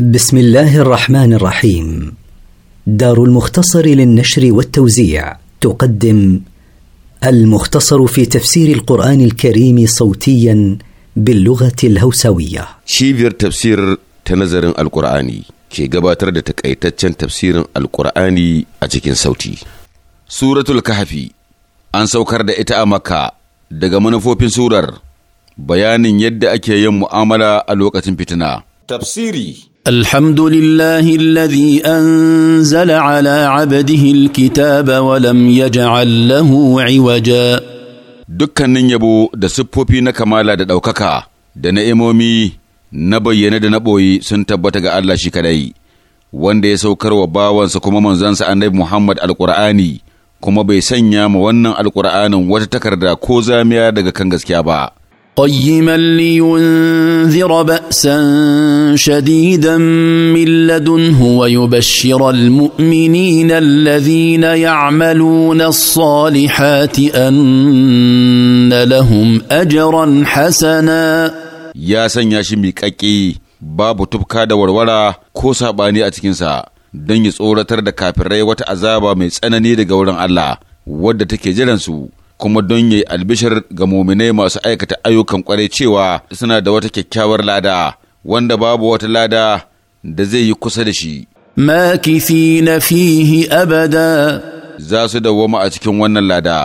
بسم الله الرحمن الرحيم دار المختصر للنشر والتوزيع تقدم المختصر في تفسير القرآن الكريم صوتيا باللغة الهوسوية شيفير تفسير تنظر القرآني كي قباتر تكأيتتشن تفسير القرآني أجيكين صوتي سورة الكهف أن سوكر دا إتا مكة daga manufofin surar bayanin yadda ake yin mu'amala a lokacin fitina. الحمد لله الذي انزل على عبده الكتاب ولم يجعل له عوجا dukkanin yabo da siffofi na kamala da ɗaukaka da na'imomi na bayyane da na ɓoye sun tabbata ga Allah shi kadai wanda ya saukar wa bawansa kuma manzansa annabi Muhammad alƙur'ani kuma bai sanya ma wannan alƙur'anin wata takarda ko zamiya daga kan gaskiya ba قيما لينذر باسا شديدا من لدنه ويبشر المؤمنين الذين يعملون الصالحات ان لهم اجرا حسنا يا سنيا شي ميقاقي babu tufka da warwara ko saɓani a cikinsa don ya tsoratar da kafirai wata azaba mai tsanani daga wurin Allah wadda take jiransu kuma don yayi albishir ga muminai masu aikata ayyukan kwarai cewa suna da wata kyakkyawar lada wanda babu wata lada da zai yi kusa da shi makithina fihi abada za su dawwama a cikin wannan lada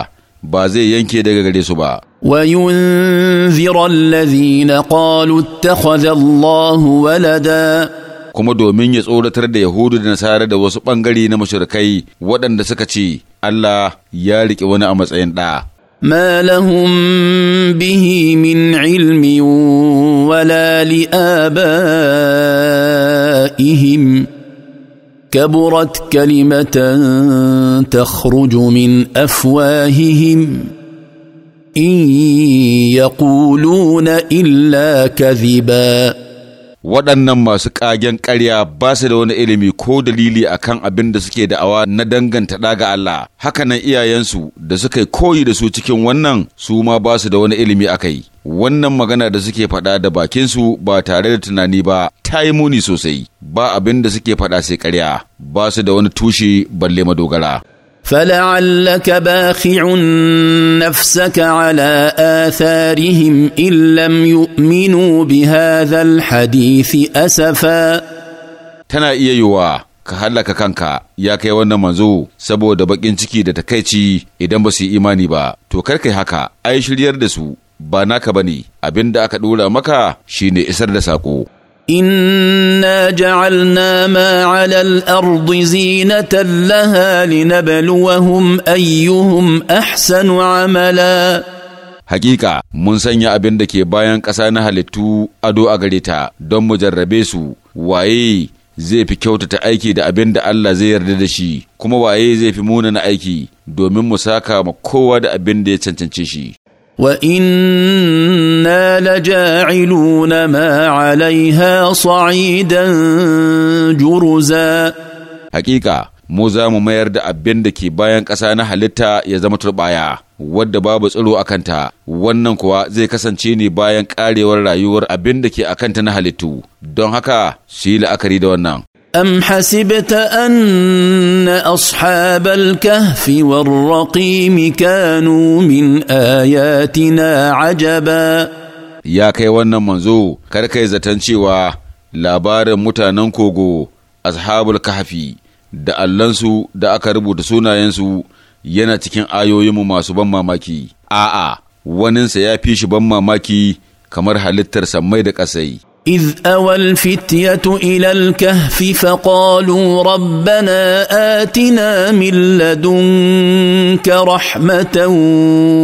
ba zai yanke daga gare su ba وينذر الذين قالوا اتخذ الله ولدا kuma domin ya tsoratar da Yahudu da Nasara da wasu ɓangare na mashirkai waɗanda suka ce, Allah ya riƙe wani a matsayin ɗa. ما لهم به من علم ولا لآبائهم كبرت كلمة تخرج من أفواههم إن يقولون إلا كذباً waɗannan masu ƙagen ƙarya ba su da wani ilimi ko dalili a kan abin da suke da'awa na danganta ɗaga Allah. Allah hakanan iyayensu da suka koyi da su cikin wannan su ma ba su da wani ilimi a kai. wannan magana da suke faɗa da bakinsu ba tare da tunani ba ta yi muni sosai ba abin da suke faɗa sai ƙarya ba su da wani tushe balle madogara فلعلك باخع نفسك على آثارهم إن لم يؤمنوا بهذا الحديث Tana تنا yiwuwa ka hallaka kanka ya kai wannan manzo saboda baƙin ciki da takaici idan ba su yi imani ba to kar kai haka ai shiryar da su ba naka bane abin da aka ɗora maka shine isar da saƙo انا جعلنا ما على الارض زينه لها لنبلوهم ايهم احسن عملا Hakika mun sanya abin da ke bayan ƙasa na halittu ado a gare ta don mu jarrabe su waye zai fi kyautata aiki da abin da Allah zai yarda da shi kuma waye zai fi munana aiki domin mu saka ma kowa da abin da ya cancance shi. وانا لجاعلون ما عليها صعيدا جرزا حقيقه mu za mu mayar da abin da ke bayan ƙasa na halitta ya zama turɓaya wadda babu tsiro a kanta wannan kuwa zai kasance ne bayan ƙarewar rayuwar abin da ke a kanta na halittu don haka shi la'akari da wannan أم حسبت أن أصحاب الكهف والرقيم كانوا من آياتنا عجبا Ya kai wannan manzo kar kai zaton cewa labarin mutanen kogo ashabul Kahafi da allansu da aka rubuta sunayensu yana cikin ayoyinmu masu ban mamaki a'a waninsa ya fi shi ban mamaki kamar halittar sammai da ƙasai اذ اوى الفتيه الى الكهف فقالوا ربنا اتنا من لدنك رحمه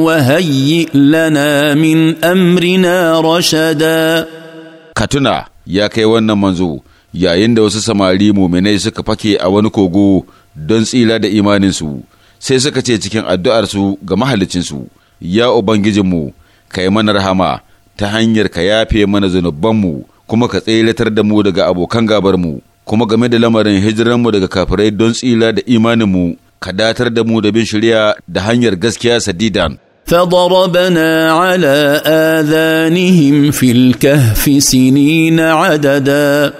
وهيئ لنا من امرنا رشدا katuna ya kai wannan manzo yayin da wasu samari muminai suka fake a wani kogo don tsila da imaninsu sai suka ce cikin addu'arsu ga mahalicinsu ya ubangijinmu kai mana rahama ta hanyar ka yafe mana zunubanmu kuma ka tseratar da mu daga abokan gabarmu kuma game da lamarin hijiranmu daga kafirai don tsila da imaninmu ka datar da mu da bin shari'a da hanyar gaskiya sadidan فضربنا على آذانهم في الكهف سنين عددا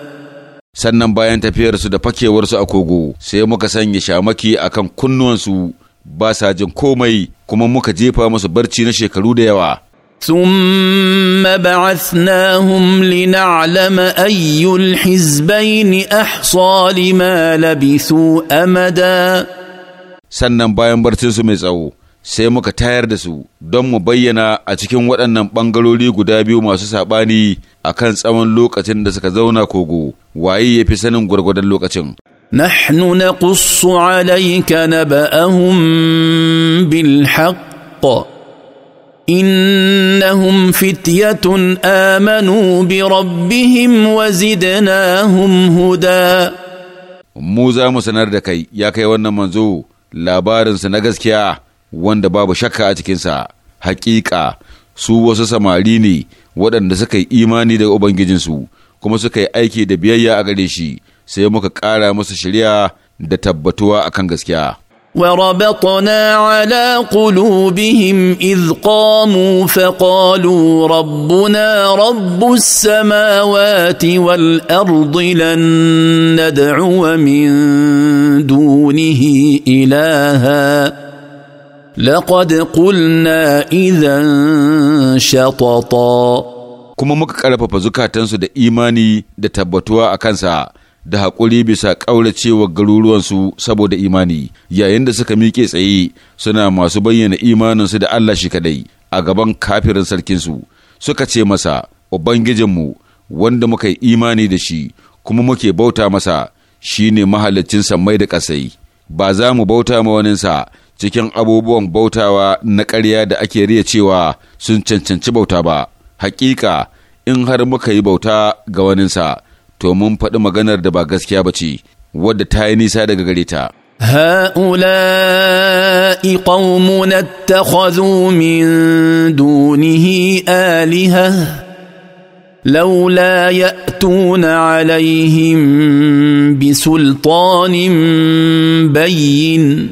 sannan bayan tafiyarsu da fakewarsu a kogo sai muka sanya shamaki a kan kunnuwansu ba sa jin komai kuma muka jefa musu barci na shekaru da yawa ثم بعثناهم لنعلم اي الحزبين احصى لما لبثوا امدا sannan bayan barcinsu mai tsawo sai muka tayar da su don mu bayyana a cikin waɗannan ɓangarori guda biyu masu saɓani a kan tsawon lokacin da suka zauna kogo waye ya fi sanin gwargwadon lokacin نحن na عليك نبأهم بالحق انهم فتيه امنوا بربهم وزدناهم هدى mu za mu sanar da kai ya kai wannan manzo labarinsa na gaskiya wanda babu shakka a cikinsa hakika su wasu samari ne waɗanda suka yi imani da ubangijinsu kuma suka yi aiki da biyayya a gare shi sai muka ƙara musu shirya da tabbatuwa akan gaskiya وربطنا على قلوبهم اذ قاموا فقالوا ربنا رب السماوات والارض لن ندعو من دونه الها لقد قلنا اذا شططا kuma muka ƙarfafa zukatansu da imani da tabbatuwa a kansa da haƙuri bisa ƙauracewa garuruwansu saboda imani yayin da suka miƙe tsaye suna masu bayyana imaninsu da Allah shi kadai a gaban kafirin sarkinsu suka ce masa ubangijinmu wanda muka yi imani da shi kuma muke bauta masa shi ne mahalicin sammai da ƙasai ba za mu bauta ma waninsa cikin abubuwan bautawa na ƙarya da ake riya cewa sun cancanci bauta ba hakika in har muka yi bauta ga waninsa to mun faɗi maganar da ba gaskiya ba ce wadda ta yi nisa daga gare ta هؤلاء قومنا اتخذوا من دونه آلهة لولا يأتون عليهم بسلطان بين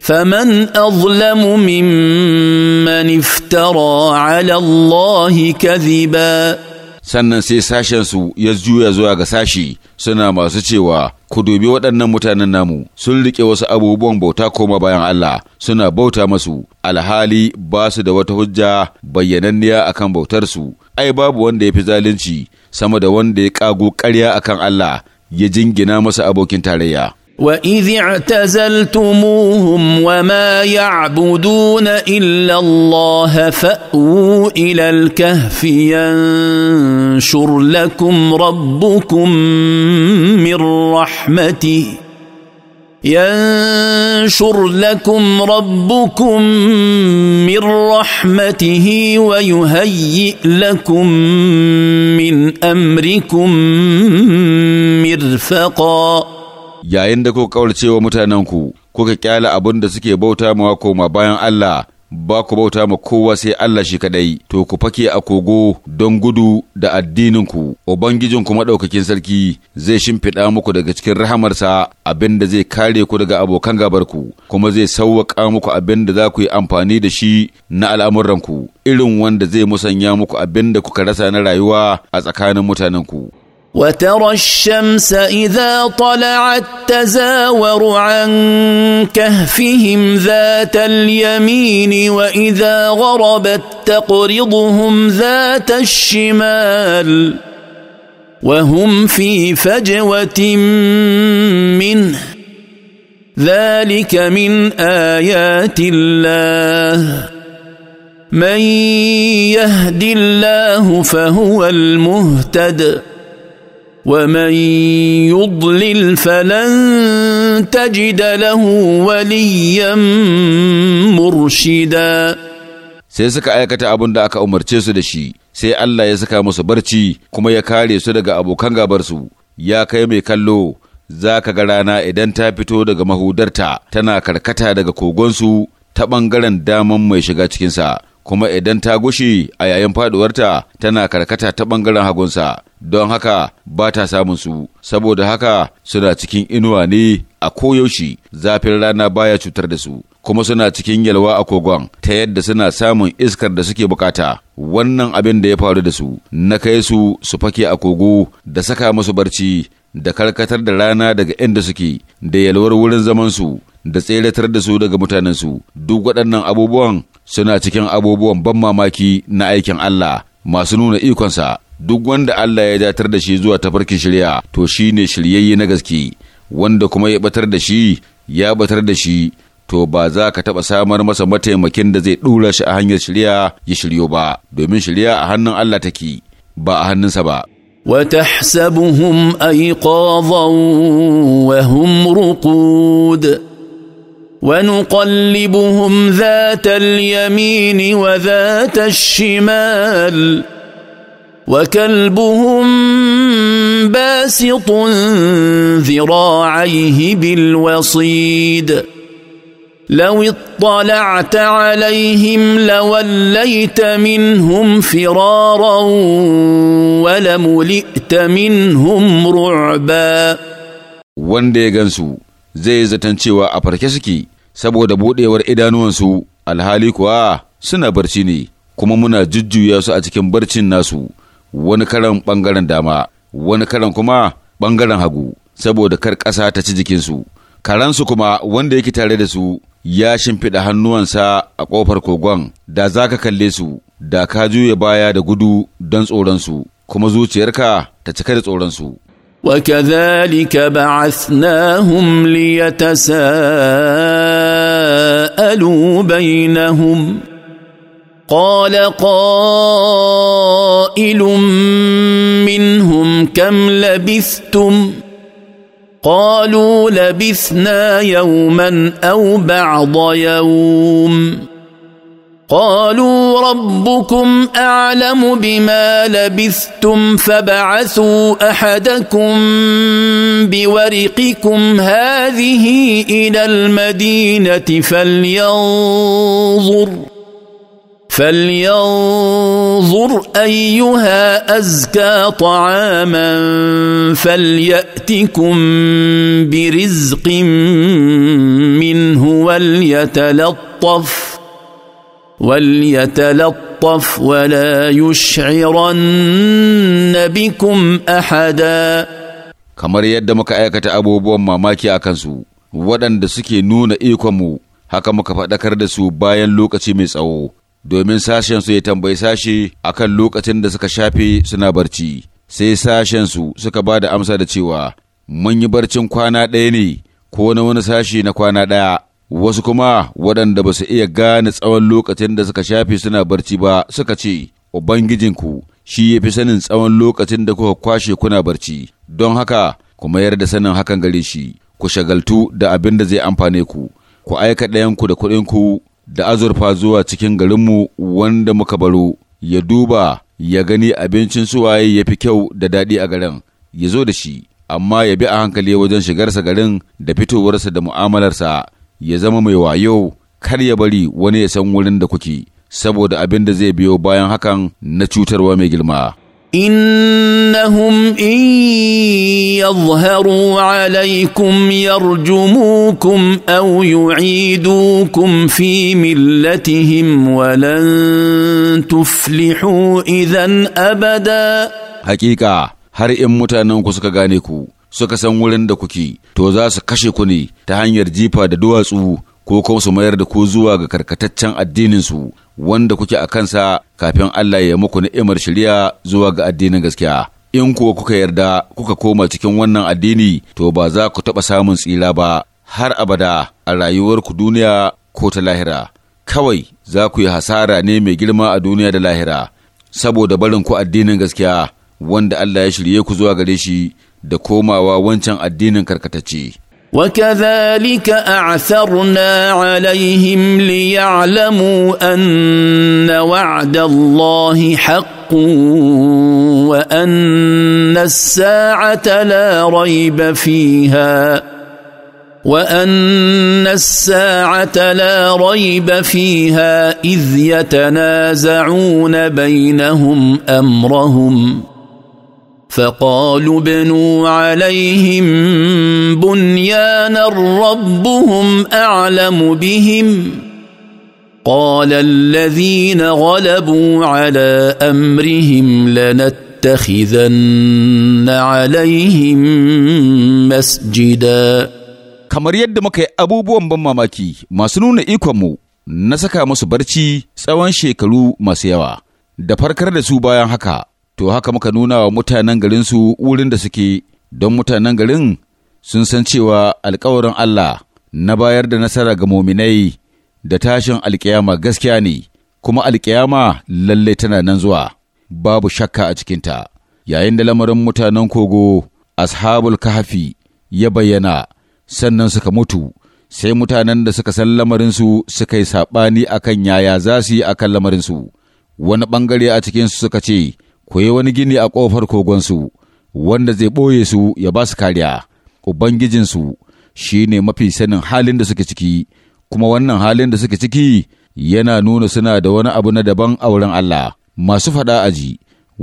فمن أظلم ممن افترى على الله كذباً sannan sai sashensu ya juya zuwa ga sashi suna masu cewa ku dubi waɗannan mutanen namu sun riƙe wasu abubuwan bauta koma bayan Allah suna bauta masu alhali ba su da wata hujja bayyananniya akan bautarsu ai babu wanda ya fi zalunci sama da wanda ya ƙago ƙarya akan Allah ya jingina masa abokin tarayya. واذ اعتزلتموهم وما يعبدون الا الله فاووا الى الكهف ينشر لكم ربكم من رحمته ينشر لكم ربكم من رحمته ويهيئ لكم من امركم مرفقا yayin da kuka mutanen mutanenku kuka kyala abin da suke bauta mawa koma bayan Allah ba ku bauta ma kowa sai Allah shi kadai to ku fake a kogo don gudu da addininku kuma ɗaukakin sarki zai shimfiɗa muku daga cikin rahamarsa abin da zai kare ku daga abokan gabar ku kuma zai sauwaƙa muku abin da za ku yi amfani da shi na al'amuranku irin wanda zai musanya muku abin da kuka rasa na rayuwa a tsakanin mutanenku وترى الشمس اذا طلعت تزاور عن كهفهم ذات اليمين واذا غربت تقرضهم ذات الشمال وهم في فجوه منه ذلك من ايات الله من يهد الله فهو المهتد ومن يضلل فلن تجد له وليا مرشدا sai suka aikata abin da aka umarce su da shi sai Allah ya saka musu barci kuma ya kare su daga abokan gabarsu ya kai mai kallo za ka ga rana idan ta fito daga mahudarta tana karkata daga kogonsu ta ɓangaren daman mai shiga cikinsa kuma idan ta gushe a yayin faduwarta tana karkata ta ɓangaren hagunsa, don haka ba ta samun su, saboda haka suna cikin inuwa ne a koyaushe zafin rana baya cutar da su, kuma suna cikin yalwa a kogon ta yadda suna samun iskar da suke bukata. Wannan abin da ya faru da su, na kai su su fake a kogo da saka musu barci da karkatar da rana daga inda suke da yalwar wurin zamansu da tseratar da su daga mutanensu duk waɗannan abubuwan suna cikin abubuwan ban mamaki na aikin Allah masu nuna ikonsa duk wanda Allah ya datar da shi zuwa tafarkin shirya to shi ne shiryayye na gaske wanda kuma ya batar da shi ya batar da shi to ba za ka taɓa samar masa mataimakin da zai ɗura shi a hanyar shirya ya shiryo ba domin shirya a hannun Allah take ba a hannunsa ba وتحسبهم ايقاظا وهم رقود ونقلبهم ذات اليمين وذات الشمال وكلبهم باسط ذراعيه بالوصيد لو اطلعت عليهم لوليت منهم فرارا ولملئت منهم رعبا وان دي غنسو زي zaton cewa saboda buɗewar idanuwansu alhali kuwa suna barci ne kuma muna jujjuya su a cikin barcin nasu wani karan ɓangaren dama wani karan kuma ɓangaren hagu saboda kar ƙasa ta ci jikinsu karansu kuma wanda yake tare da su ya shimfiɗa hannuwansa a ƙofar kogon da za ka kalle su da ka juya baya da gudu don tsoronsu kuma zuciyarka ta cika da tsoronsu وكذلك بعثناهم ليتساءلوا بينهم قال قائل منهم كم لبثتم قالوا لبثنا يوما او بعض يوم قالوا ربكم اعلم بما لبثتم فبعثوا احدكم بورقكم هذه الى المدينه فلينظر فلينظر ايها ازكى طعاما فلياتكم برزق منه وليتلطف وليتلطف ولا يشعرن بكم أحدا kamar yadda muka aikata abubuwan mamaki a kansu waɗanda suke nuna ikonmu haka muka faɗakar da su bayan lokaci mai tsawo domin sashensu ya tambayi sashe a kan lokacin da suka shafe suna barci sai sashensu suka ba da amsa da cewa mun yi barcin kwana ɗaya ne ko na wani sashe na kwana ɗaya wasu kuma waɗanda ba su iya gane tsawon lokacin da suka shafe suna barci ba suka ce, Ubangijinku shi ya fi sanin tsawon lokacin da kuka kwashe kuna barci, don haka ku mayar da sanin hakan gare shi, ku shagaltu da abin da zai amfane ku, ku aika ɗayanku da kuɗinku da azurfa zuwa cikin garinmu wanda muka baro, ya duba ya gani abincin suwaye ya fi kyau da daɗi a garin, ya zo da shi, amma ya bi a hankali wajen shigarsa garin da fitowarsa da mu'amalarsa. ya zama mai wayo kar ya bari wani ya san wurin da kuke saboda abin da zai biyo bayan hakan na cutarwa mai girma innahum إن يظهروا عليكم يرجموكم kum fi في ملتهم ولن تفلحوا إذا abada!" Haƙiƙa har in mutanenku suka gane ku suka san wurin da kuke, to za su kashe ku ne ta hanyar jifa da duwatsu ko kuma su mayar da ku zuwa ga karkataccen addinin su wanda kuke a kansa kafin Allah ya muku ni'imar shiriya zuwa ga addinin gaskiya. In kuwa kuka yarda kuka koma cikin wannan addini to ba za ku taɓa samun tsira ba har abada a rayuwarku duniya ko ta lahira. Kawai za ku yi hasara ne mai girma a duniya da lahira, saboda barin ku addinin gaskiya wanda Allah ya shirye ku zuwa gare shi da komawa wancan addinin karkatacce. وكذلك اعثرنا عليهم ليعلموا ان وعد الله حق وان الساعه لا ريب فيها وان الساعه لا ريب فيها اذ يتنازعون بينهم امرهم فقالوا بنوا عليهم بنيانا ربهم اعلم بهم قال الذين غلبوا على امرهم لنتخذن عليهم مسجدا kamar yadda muka yi abubuwan ban mamaki masu nuna ikonmu na saka musu barci tsawon shekaru masu yawa da farkar da su bayan haka to haka muka nuna wa mutanen garinsu wurin da suke don mutanen garin sun san cewa alkawarin Allah na bayar da nasara ga muminai da tashin alkiyama gaskiya ne, kuma alkiyama lallai tana nan zuwa, babu shakka a cikinta, yayin da lamarin mutanen kogo, ashabul kahafi ya bayyana, sannan suka mutu, sai mutanen da suka san lamarinsu suka yi saɓani akan yaya za su yi akan lamarinsu, wani ɓangare a cikinsu suka ce, ku yi wani gini a ƙofar kogonsu, wanda zai ɓoye su ya ba su kariya, Ubangijinsu shi ne mafi sanin halin da suke ciki, kuma wannan halin da suke ciki yana nuna suna da wani abu na daban a wurin Allah, masu faɗa aji,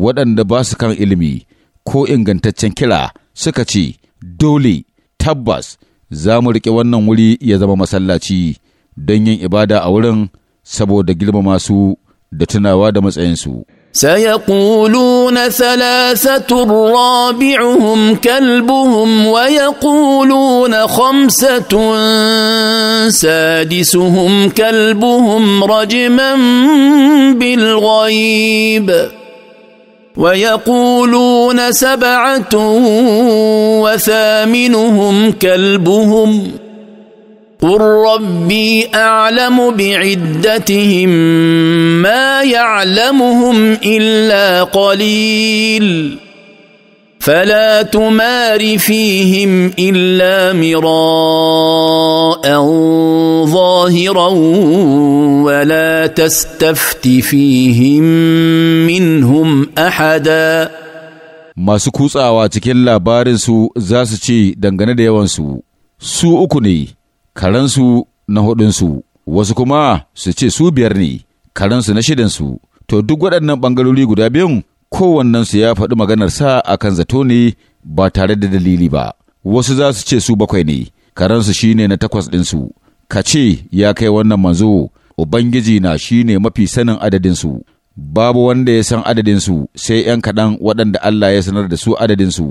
waɗanda ba su kan ilimi ko ingantaccen kira suka ce, dole, tabbas, za mu riƙe wannan wuri ya zama masallaci don yin ibada a wurin saboda girmama su da tunawa da matsayinsu. سيقولون ثلاثة رابعهم كلبهم ويقولون خمسة سادسهم كلبهم رجما بالغيب ويقولون سبعة وثامنهم كلبهم قل ربي اعلم بعدتهم ما يعلمهم الا قليل فلا تمار فيهم الا مراء ظاهرا ولا تستفت فيهم منهم احدا masu kutsawa cikin labarinsu za su ce dangane da yawansu su uku ne karansu na hudunsu, wasu kuma su ce su biyar ne, karansu na shidansu, to duk waɗannan ɓangarori guda biyun kowannensu ya faɗi maganarsa a kan zato ne ba tare da dalili ba, wasu za su ce su bakwai ne, karansu shi ne na takwas ɗinsu, ka ce ya kai wannan manzo, Ubangiji na shi ne mafi sanin adadinsu, babu wanda ya san adadinsu sai ‘yan kaɗan waɗanda Allah ya sanar da su adadinsu,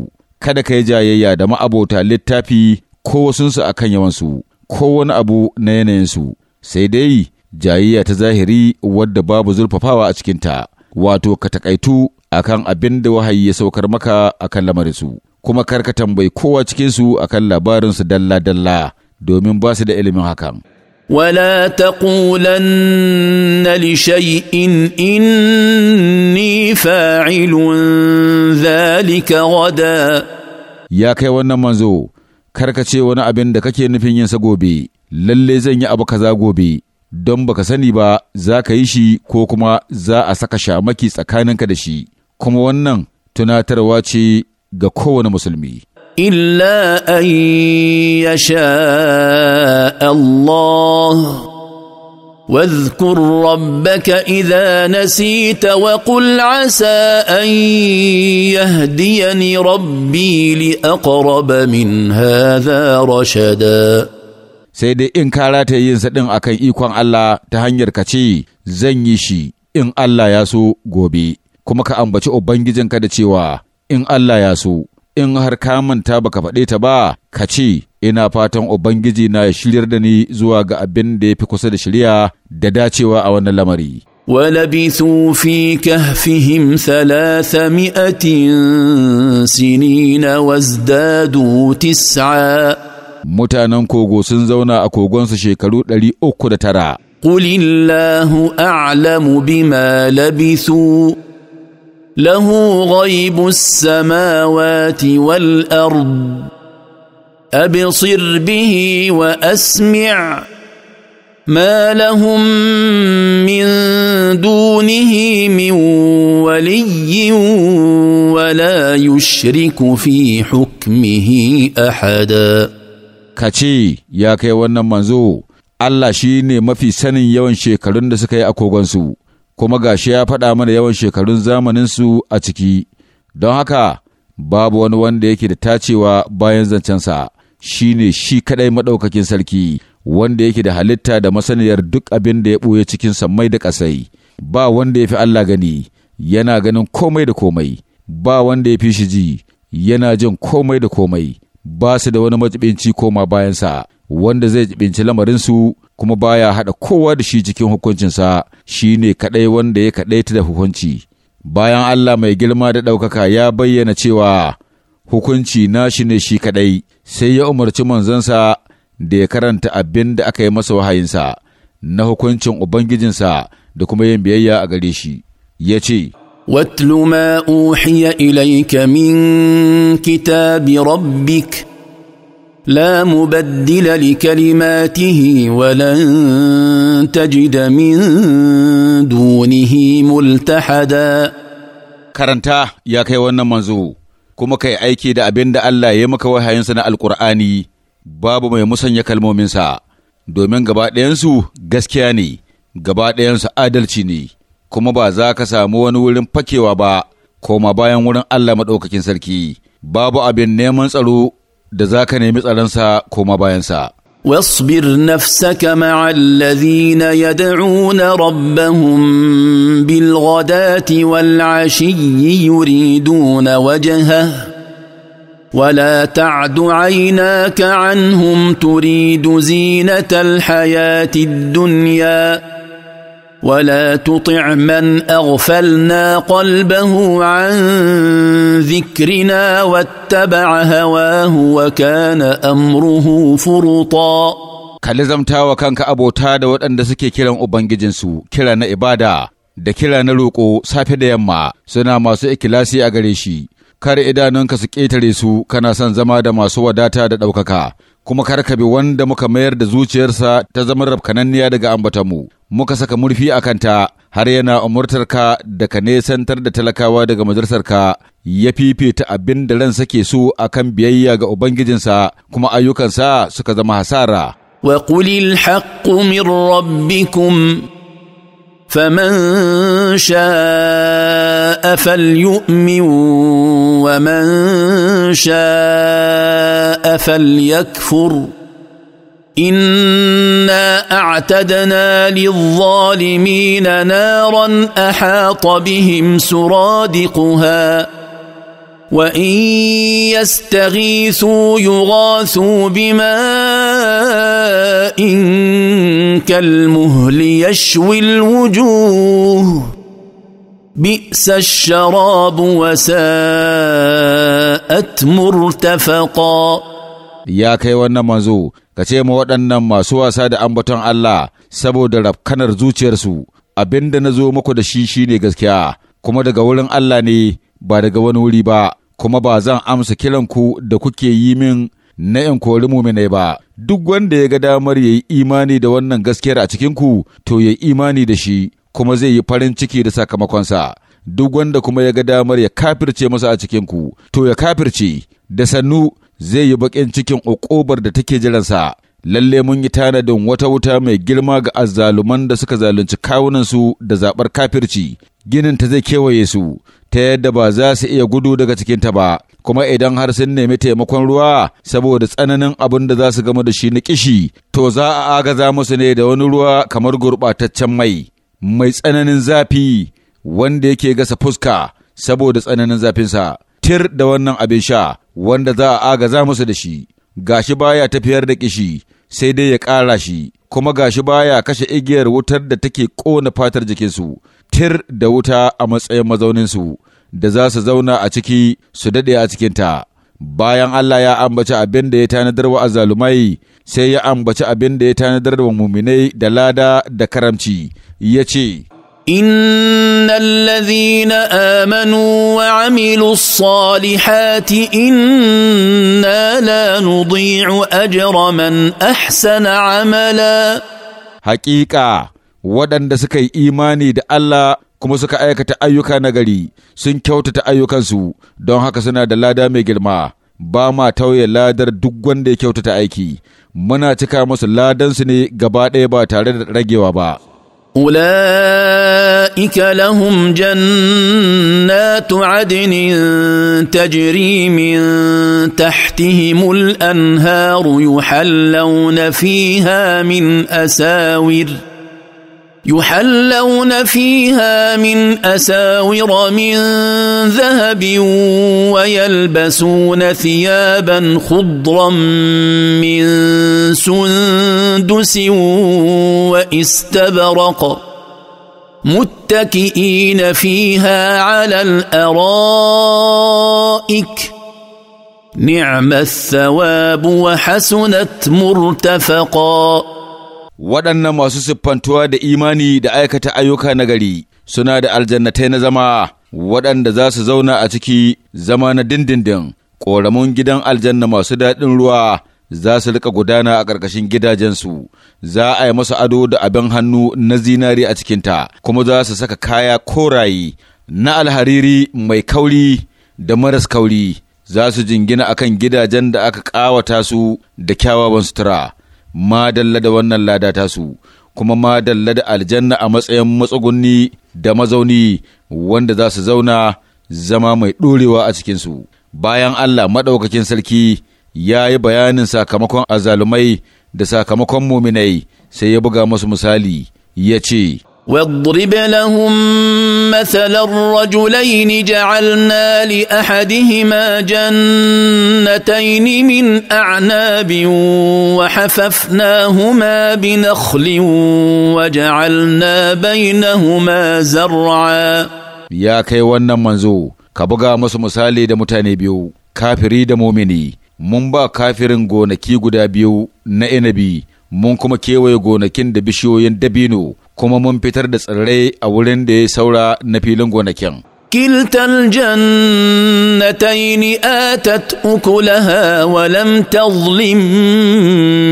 kada ka yi jayayya da ma'abota littafi ko wasunsu a kan yawansu. ko wani abu na yanayinsu, sai dai jayayya ta zahiri wadda babu zurfafawa a cikinta, wato ka takaitu akan abin da wahayi ya saukar maka akan lamarinsu, kuma kar ka tambayi kowa cikinsu akan labarinsu dalla-dalla domin ba su da ilimin hakan. ولا تقولن لشيء إني فاعل ذلك غدا يا كي wannan manzo kar ka ce wani abin da kake nufin yin sa gobe, lalle zan yi abu kaza gobe, don baka sani ba za ka yi shi ko kuma za a saka shamaki tsakaninka da shi, kuma wannan tunatarwa ce ga kowane musulmi. Illa أن يشاء Allah. واذكر ربك اذا نسيت وقل عسى ان يهديني ربي لاقرب من هذا رشدا sai dai in ka rataye yin sa ɗin akan ikon Allah ta hanyar ka ce zan yi shi in Allah ya so gobe kuma ka ambaci ubangijinka da cewa in Allah ya so in har ka manta baka faɗe ta ba ka ce, Ina fatan Ubangiji na ya shiryar da ni zuwa ga abin da ya fi kusa da shirya da dacewa a wannan lamari. ولبثوا في كهفهم ثلاثمائة سنين wazdadu tisa. mutanen kogo sun zauna a kogonsu shekaru ɗari uku da tara. Kulillahu a'lamu bima labisu lahu ghaibu samawati wal ابصر به واسمع ما لهم من دونه من ولي ولا يشرك في حكمه احدا kace ya kai wannan manzo Allah shi ne mafi sanin yawan shekarun da suka yi a kogonsu kuma gashi ya faɗa mana yawan shekarun zamaninsu a ciki don haka babu wani wanda yake da tacewa bayan zancensa. Shi ne shi kadai maɗaukakin sarki wanda yake da halitta da masaniyar duk abin da ya ɓoye cikin sammai da ƙasai ba wanda ya fi Allah gani yana ganin komai da komai ba wanda ya fi shi ji yana jin komai da komai ba su da wani majibinci koma bayansa wanda zai jibinci lamarinsu kuma baya haɗa kowa da shi cikin hukuncinsa shi ne kaɗai wanda ya kaɗaita da hukunci bayan Allah mai girma da ɗaukaka ya bayyana cewa hukunci shi ne shi kaɗai sai ya umarci manzansa da ya karanta abin da aka yi masa wahayinsa na hukuncin Ubangijinsa da kuma yin biyayya a gare shi, ya ce, واتل ما اوحي اليك la كتاب ربك لا مبدل لكلماته da تجد من دونه ملتحدا karanta ya kai wannan manzo kuma ka yi aiki da abin da Allah ya maka wahayinsa na Alƙur'ani babu mai musanya kalmominsa, domin gaba ɗayansu gaskiya ne, gaba ɗayansu adalci ne, kuma ba za ka samu wani wurin fakewa ba, koma bayan wurin Allah maɗaukakin sarki, babu abin neman tsaro da za ka nemi tsaronsa koma bayansa. واصبر نفسك مع الذين يدعون ربهم بالغداه والعشي يريدون وجهه ولا تعد عيناك عنهم تريد زينه الحياه الدنيا ولا تطع من اغفلنا قلبه عن ذكرنا واتبع هواه وكان امره فرطا ka lizamtawa kanka abota da waɗanda suke kiran ubangijinsu kira na ibada da kira na roƙo safe da yamma suna masu ikilasi a gare shi kar idanunka su ƙetare su kana son zama da masu wadata da ɗaukaka kuma kar ka bi wanda muka mayar da zuciyarsa ta zama rafkananniya daga ambatanmu, muka saka murfi a kanta har yana ka da ka nesantar da talakawa daga majalisarka ya fifita abin da ransa ke so akan biyayya ga Ubangijinsa kuma ayyukansa suka zama hasara. qulil haqqu min rabbikum فمن شاء فليؤمن ومن شاء فليكفر انا اعتدنا للظالمين نارا احاط بهم سرادقها وان يستغيثوا يغاثوا بماء كالمهل يشوي الوجوه بئس الشراب وساءت مرتفقا يا كي wannan manzo ka ce ma waɗannan masu wasa da ambaton Allah saboda rafkanar zuciyarsu abinda na zo muku da shi shine gaskiya kuma daga wurin Allah ne ba daga wani wuri ba, kuma ba zan amsa kiranku da kuke yi min na 'yan kori muminai ba, duk wanda ya ga damar ya yi imani da wannan gaskiyar a cikinku, to ya yi imani da shi, kuma zai yi farin ciki da sakamakonsa. Duk wanda kuma ya ga damar ya kafirce masa a cikinku, to ya kafirce, da sannu zai yi baƙin cikin okobar da take jiransa. Lalle mun yi tanadin wata wuta mai girma ga azzaluman da suka zalunci kawunansu da zaɓar kafirci, ginin ta zai kewaye su, ta yadda ba za su iya gudu daga cikinta ba kuma idan har sun nemi taimakon ruwa saboda tsananin abin da za su gama da shi na kishi to za a agaza musu ne da wani ruwa kamar gurɓataccen mai mai tsananin zafi wanda yake gasa fuska saboda tsananin zafinsa tir da wannan abin sha wanda za a agaza musu da shi gashi baya tafiyar da kishi sai dai ya ƙara shi kuma gashi baya kashe igiyar wutar da take kona fatar jikinsu tir da wuta a matsayin mazauninsu da za su zauna a ciki su daɗe a cikinta. Bayan Allah ya ambaci abin da ya tanadar wa azalumai sai ya ambaci abin da ya tanadar wa muminai da lada da karamci ya ce, na amanu wa وعملوا الصالحات inna لا نضيع اجر من احسن عملا حقيقه waɗanda suka yi imani da Allah kuma suka aikata ayyuka nagari sun kyautata ayyukansu don haka suna da lada mai girma ba ma tauye ladar duk wanda ya kyautata aiki muna cika musu ladansu ne gaba ɗaya ba tare da ragewa ba أولئك لهم جنات عدن تجري من تحتهم الأنهار يحلون فيها من أساور يحلون فيها من اساور من ذهب ويلبسون ثيابا خضرا من سندس واستبرق متكئين فيها على الارائك نعم الثواب وحسنت مرتفقا waɗannan masu siffantuwa da imani da aikata ayyuka nagari suna da aljannatai na zama waɗanda za su zauna a ciki zama na dindindin ƙoramun gidan aljanna masu daɗin ruwa za su rika gudana a ƙarƙashin gidajensu za a yi masu ado da abin hannu na zinari a cikinta kuma za su saka kaya koraye na alhariri mai kauri da maras kauri za su jingina akan gidajen da aka ƙawata su da kyawawan sutura ma da wannan lada tasu kuma madalla da aljanna a matsayin matsugunni da mazauni wanda za su zauna zama mai ɗorewa a cikinsu bayan Allah maɗaukakin sarki ya yi bayanin sakamakon azalumai da sakamakon muminai sai ya buga masu misali ya ce واضرب لهم مثلا الرجلين جعلنا لاحدهما جنتين من اعناب وحففناهما بنخل وجعلنا بينهما زرعا يا كي wannan manzo ka buga musu misali da mutane biyu kafiri da mumini mun ba kafirin gonaki guda biyu na inabi mun kuma kewaye gonakin da bishiyoyin dabino kuma mun fitar da tsirrai a wurin da ya saura na filin gonakin. كلتا الجنتين اتت اكلها ولم تظلم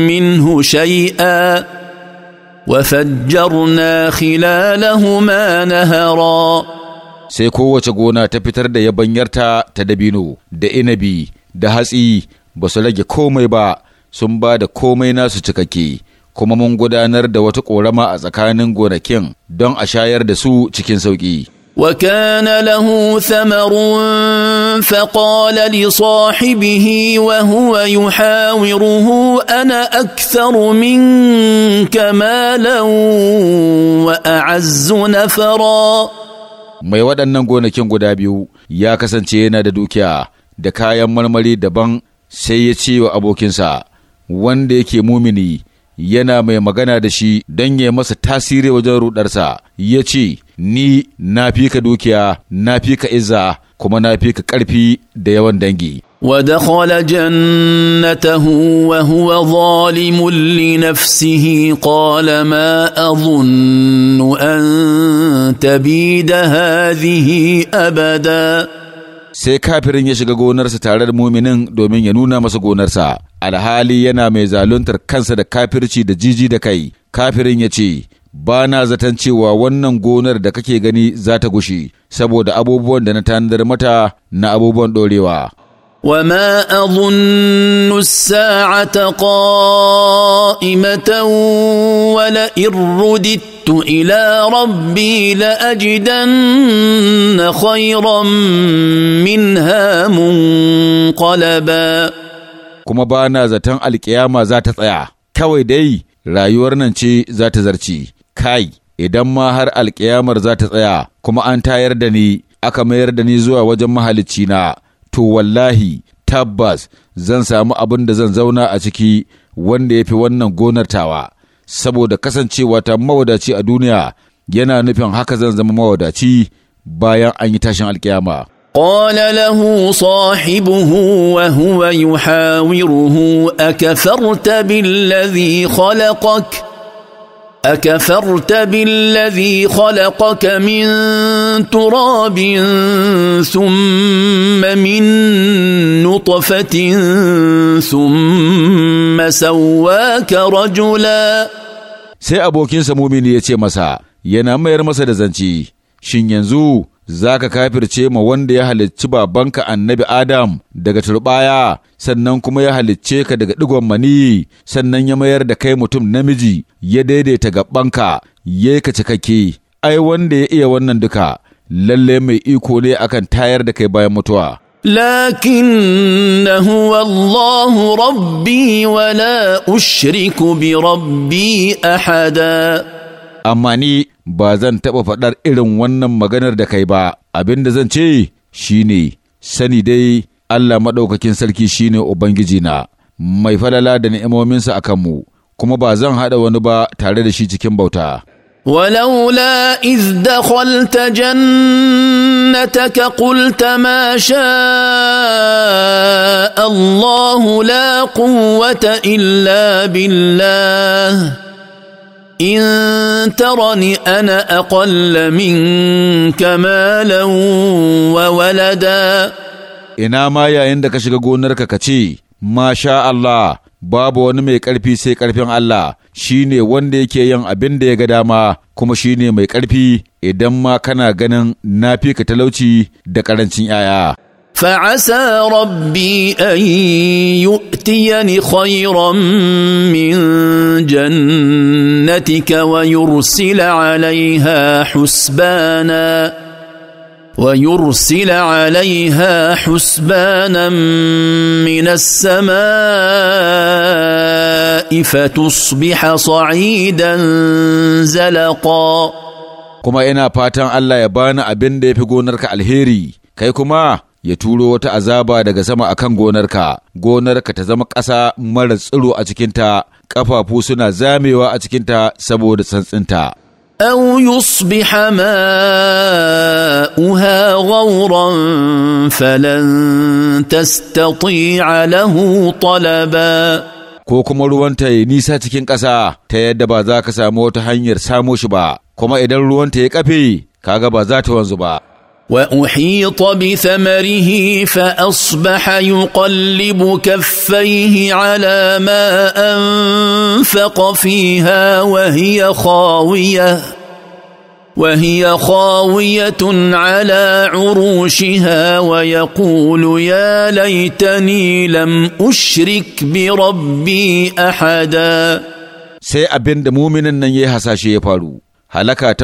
منه شيئا وفجرنا خلالهما نهرا sai kowace gona ta fitar da yabanyarta ta dabino da inabi da hatsi ba su rage komai ba sun ba da komai nasu cikakke kuma mun gudanar da wata ƙorama a tsakanin gonakin don a shayar da su cikin sauƙi. وكان له ثمر فقال لصاحبه وهو يحاوره انا اكثر منك مالا واعز نفرا mai waɗannan gonakin guda biyu ya kasance yana da dukiya da kayan marmari daban sai ya ce wa abokinsa wanda yake mumini yana mai magana da shi don ya masa tasiri wajen rudarsa ya ce ni na fi ka dukiya na fi ka izza kuma na fi ka ƙarfi da yawan dangi ودخل جنته وهو ظالم لنفسه قال ما اظن ان تبيد هذه ابدا sai kafirin ya shiga gonarsa tare da muminin domin ya nuna masa gonarsa alhali yana mai zaluntar kansa da kafirci da jiji da kai kafirin ya ce ba na zaton cewa wannan gonar da kake gani za ta gushi saboda abubuwan da na tanadar mata na abubuwan ɗorewa وما اظن الساعه ila ولئن رددت الى na لاجدن خيرا منها منقلبا kuma ba na zaton alkiyama za ta tsaya, kawai dai rayuwar nan ce za ta zarci, kai, idan ma har alkiyamar za ta tsaya, kuma an tayar da ni, aka mayar da ni zuwa wajen mahalicci na, to wallahi, tabbas zan samu abin da zan zauna a ciki wanda ya fi wannan gonar tawa, saboda kasancewa ta mawadaci a duniya yana nufin haka zan zama mawadaci bayan an yi tashin alkiyama. قال له صاحبه وهو يحاوره اكفرت بالذي خلقك اكفرت بالذي خلقك من تراب ثم من نطفه ثم سواك رجلا سي ابوكين سمومين ya ce masa دزنتي mayar masa za ka kafirce ma wanda ya halicci babanka annabi Adam daga turbaya, sannan kuma ya halicce ka daga digon mani, sannan ya mayar da kai mutum namiji, ya daidaita gabanka, ya ka cikakke, ai wanda ya iya wannan duka, lalle mai iko ne akan tayar da kai bayan mutuwa. لكن هو الله ربي ولا أشرك بربي أحداً amma ni ba zan taɓa faɗar irin wannan maganar da kai ba, abin da zan ce shi ne, sani dai Allah maɗaukakin sarki shi ne Ubangijina, mai falala da ni'imominsa a kanmu, kuma ba zan haɗa wani ba tare da shi cikin bauta. ولولا إذ دخلت جنتك قلت ما شاء الله لا قوة إلا بالله ان ترني انا اقل منك مالا وولدا ina ma yayin da ka shiga gonarka ka ce masha Allah babu wani mai ƙarfi sai ƙarfin Allah shine wanda yake yin abin da ya ga dama kuma shine mai ƙarfi idan ma kana ganin na fi ka talauci da ƙarancin 'ya'ya. فعسى ربي ان يؤتيني خيرا من جنتك ويرسل عليها حسبانا ويرسل عليها حسبانا من السماء فتصبح صعيدا زلقا كما انا باتا الله يبان ابن دي في نركع الهيري كيكما ya turo wata azaba daga sama a akan gonarka gonarka ta zama ƙasa mara tsiro a cikinta ƙafafu suna zamewa a cikinta saboda santsinta أو يصبح ماؤها غورا فلن تستطيع له طلبا ko kuma ruwanta ya nisa cikin ƙasa ta yadda ba za ka samu wata hanyar samo shi ba, kuma idan ruwanta ya kafe kaga ba za ta wanzu ba. واحيط بثمره فاصبح يقلب كفيه على ما انفق فيها وهي خاويه وهي خاويه على عروشها ويقول يا ليتني لم اشرك بربي احدا سي abin da muminin nan ya hasashe ya faru halaka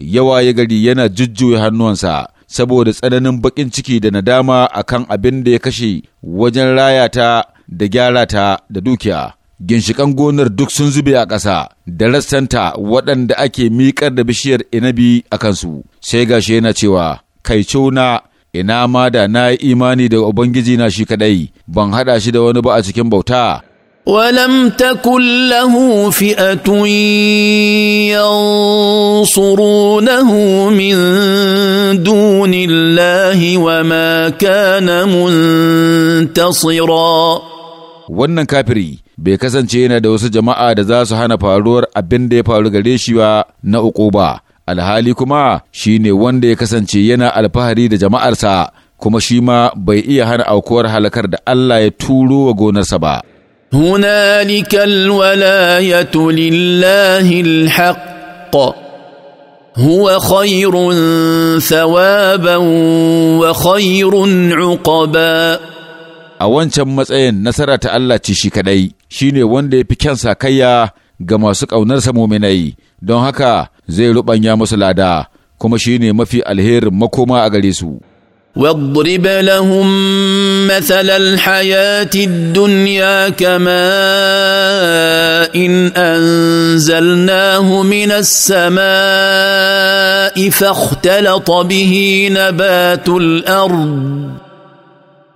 yawa ya gari yana jujjuya hannuwansa saboda tsananin baƙin ciki da nadama a kan abin da ya kashe wajen raya ta da gyara ta da dukiya. Ginshikan gonar duk sun zube a ƙasa da rassanta waɗanda ake miƙar da bishiyar inabi a kansu. Sai gashi yana cewa, Kai na ina ma da na yi imani da Ubangiji na shi kaɗai, ban haɗa shi da wani ba a cikin bauta. ولم تكن له فئه ينصرونه من دون الله وما كان منتصرا wannan kafiri bai kasance yana da wasu jama'a da za su hana faruwar abin da ya faru gare shi ba na uku ba alhali kuma shi ne wanda ya kasance yana alfahari da jama'arsa kuma shi ma bai iya hana aukuwar halakar da Allah ya turo wa gonarsa ba هنالك الولايه لله الحق هو خير ثوابا وخير عقبا a wancan matsayin nasara ta Allah ce shi kadai shine wanda ya fi kyan sakayya ga masu ƙaunarsa muminai don haka zai ruɓanya musu lada kuma shine mafi alherin makoma a gare su واضرب لهم مثل الحياة الدنيا كماء إن أنزلناه من السماء فاختلط به نبات الأرض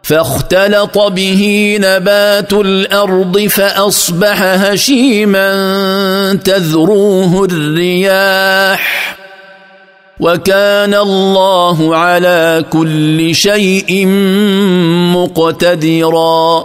فاختلط به نبات الأرض فأصبح هشيما تذروه الرياح وكان الله على كل شيء مقتدرا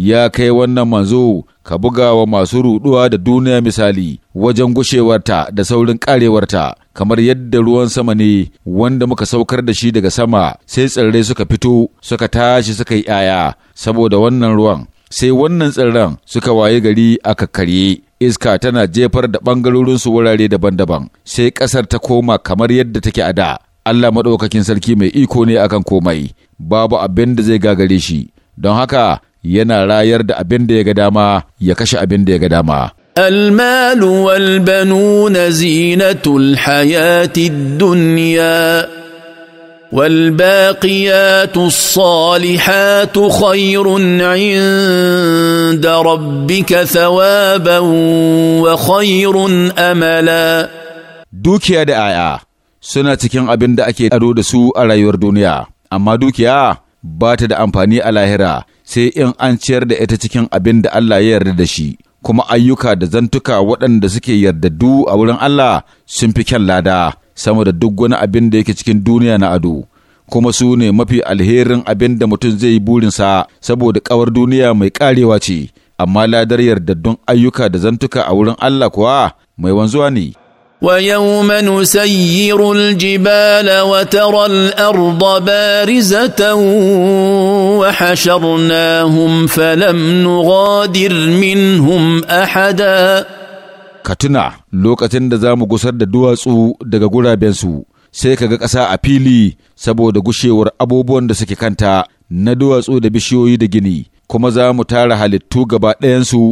يا كي wannan manzo ka buga wa masu ruɗuwa da duniya misali wajen gushewarta da saurin ƙarewarta kamar yadda ruwan sama ne wanda muka saukar da shi daga sama sai tsirrai suka fito suka tashi suka yi 'ya'ya saboda wannan ruwan sai wannan tsirran suka waye gari a karye iska tana jefar da ɓangarorinsu wurare daban-daban sai ƙasar ta koma kamar yadda take a da Allah maɗaukakin sarki mai iko ne akan komai babu abin da zai gagare shi don haka yana rayar da abin da ya ga dama ya kashe abin da ya ga dama المال والبنون zinatul hayati duniya. والباقيات الصالحات خير عند ربك ثوابا وخير املا dukiya da 'ya'ya suna cikin abin da ake ado da su a rayuwar duniya amma dukiya ba ta da amfani a lahira sai in an ciyar da ita cikin abin da Allah ya yarda da shi kuma ayyuka da zantuka waɗanda suke yardaddu a wurin Allah sun fi kyan lada sama da duk wani abin da yake cikin duniya na ado kuma su ne mafi alherin abin da mutum zai yi burinsa saboda kawar duniya mai karewa ce amma ladar yardaddun ayyuka da zantuka a wurin Allah kuwa mai wanzuwa ne ويوم نسير الجبال وترى الارض بارزه وحشرناهم فلم نغادر منهم احدا ka tuna lokacin da za mu gusar da duwatsu daga gurabensu sai ka ga ƙasa a fili saboda gushewar abubuwan da suke kanta na duwatsu da bishiyoyi da gini kuma za mu tara halittu gaba ɗayansu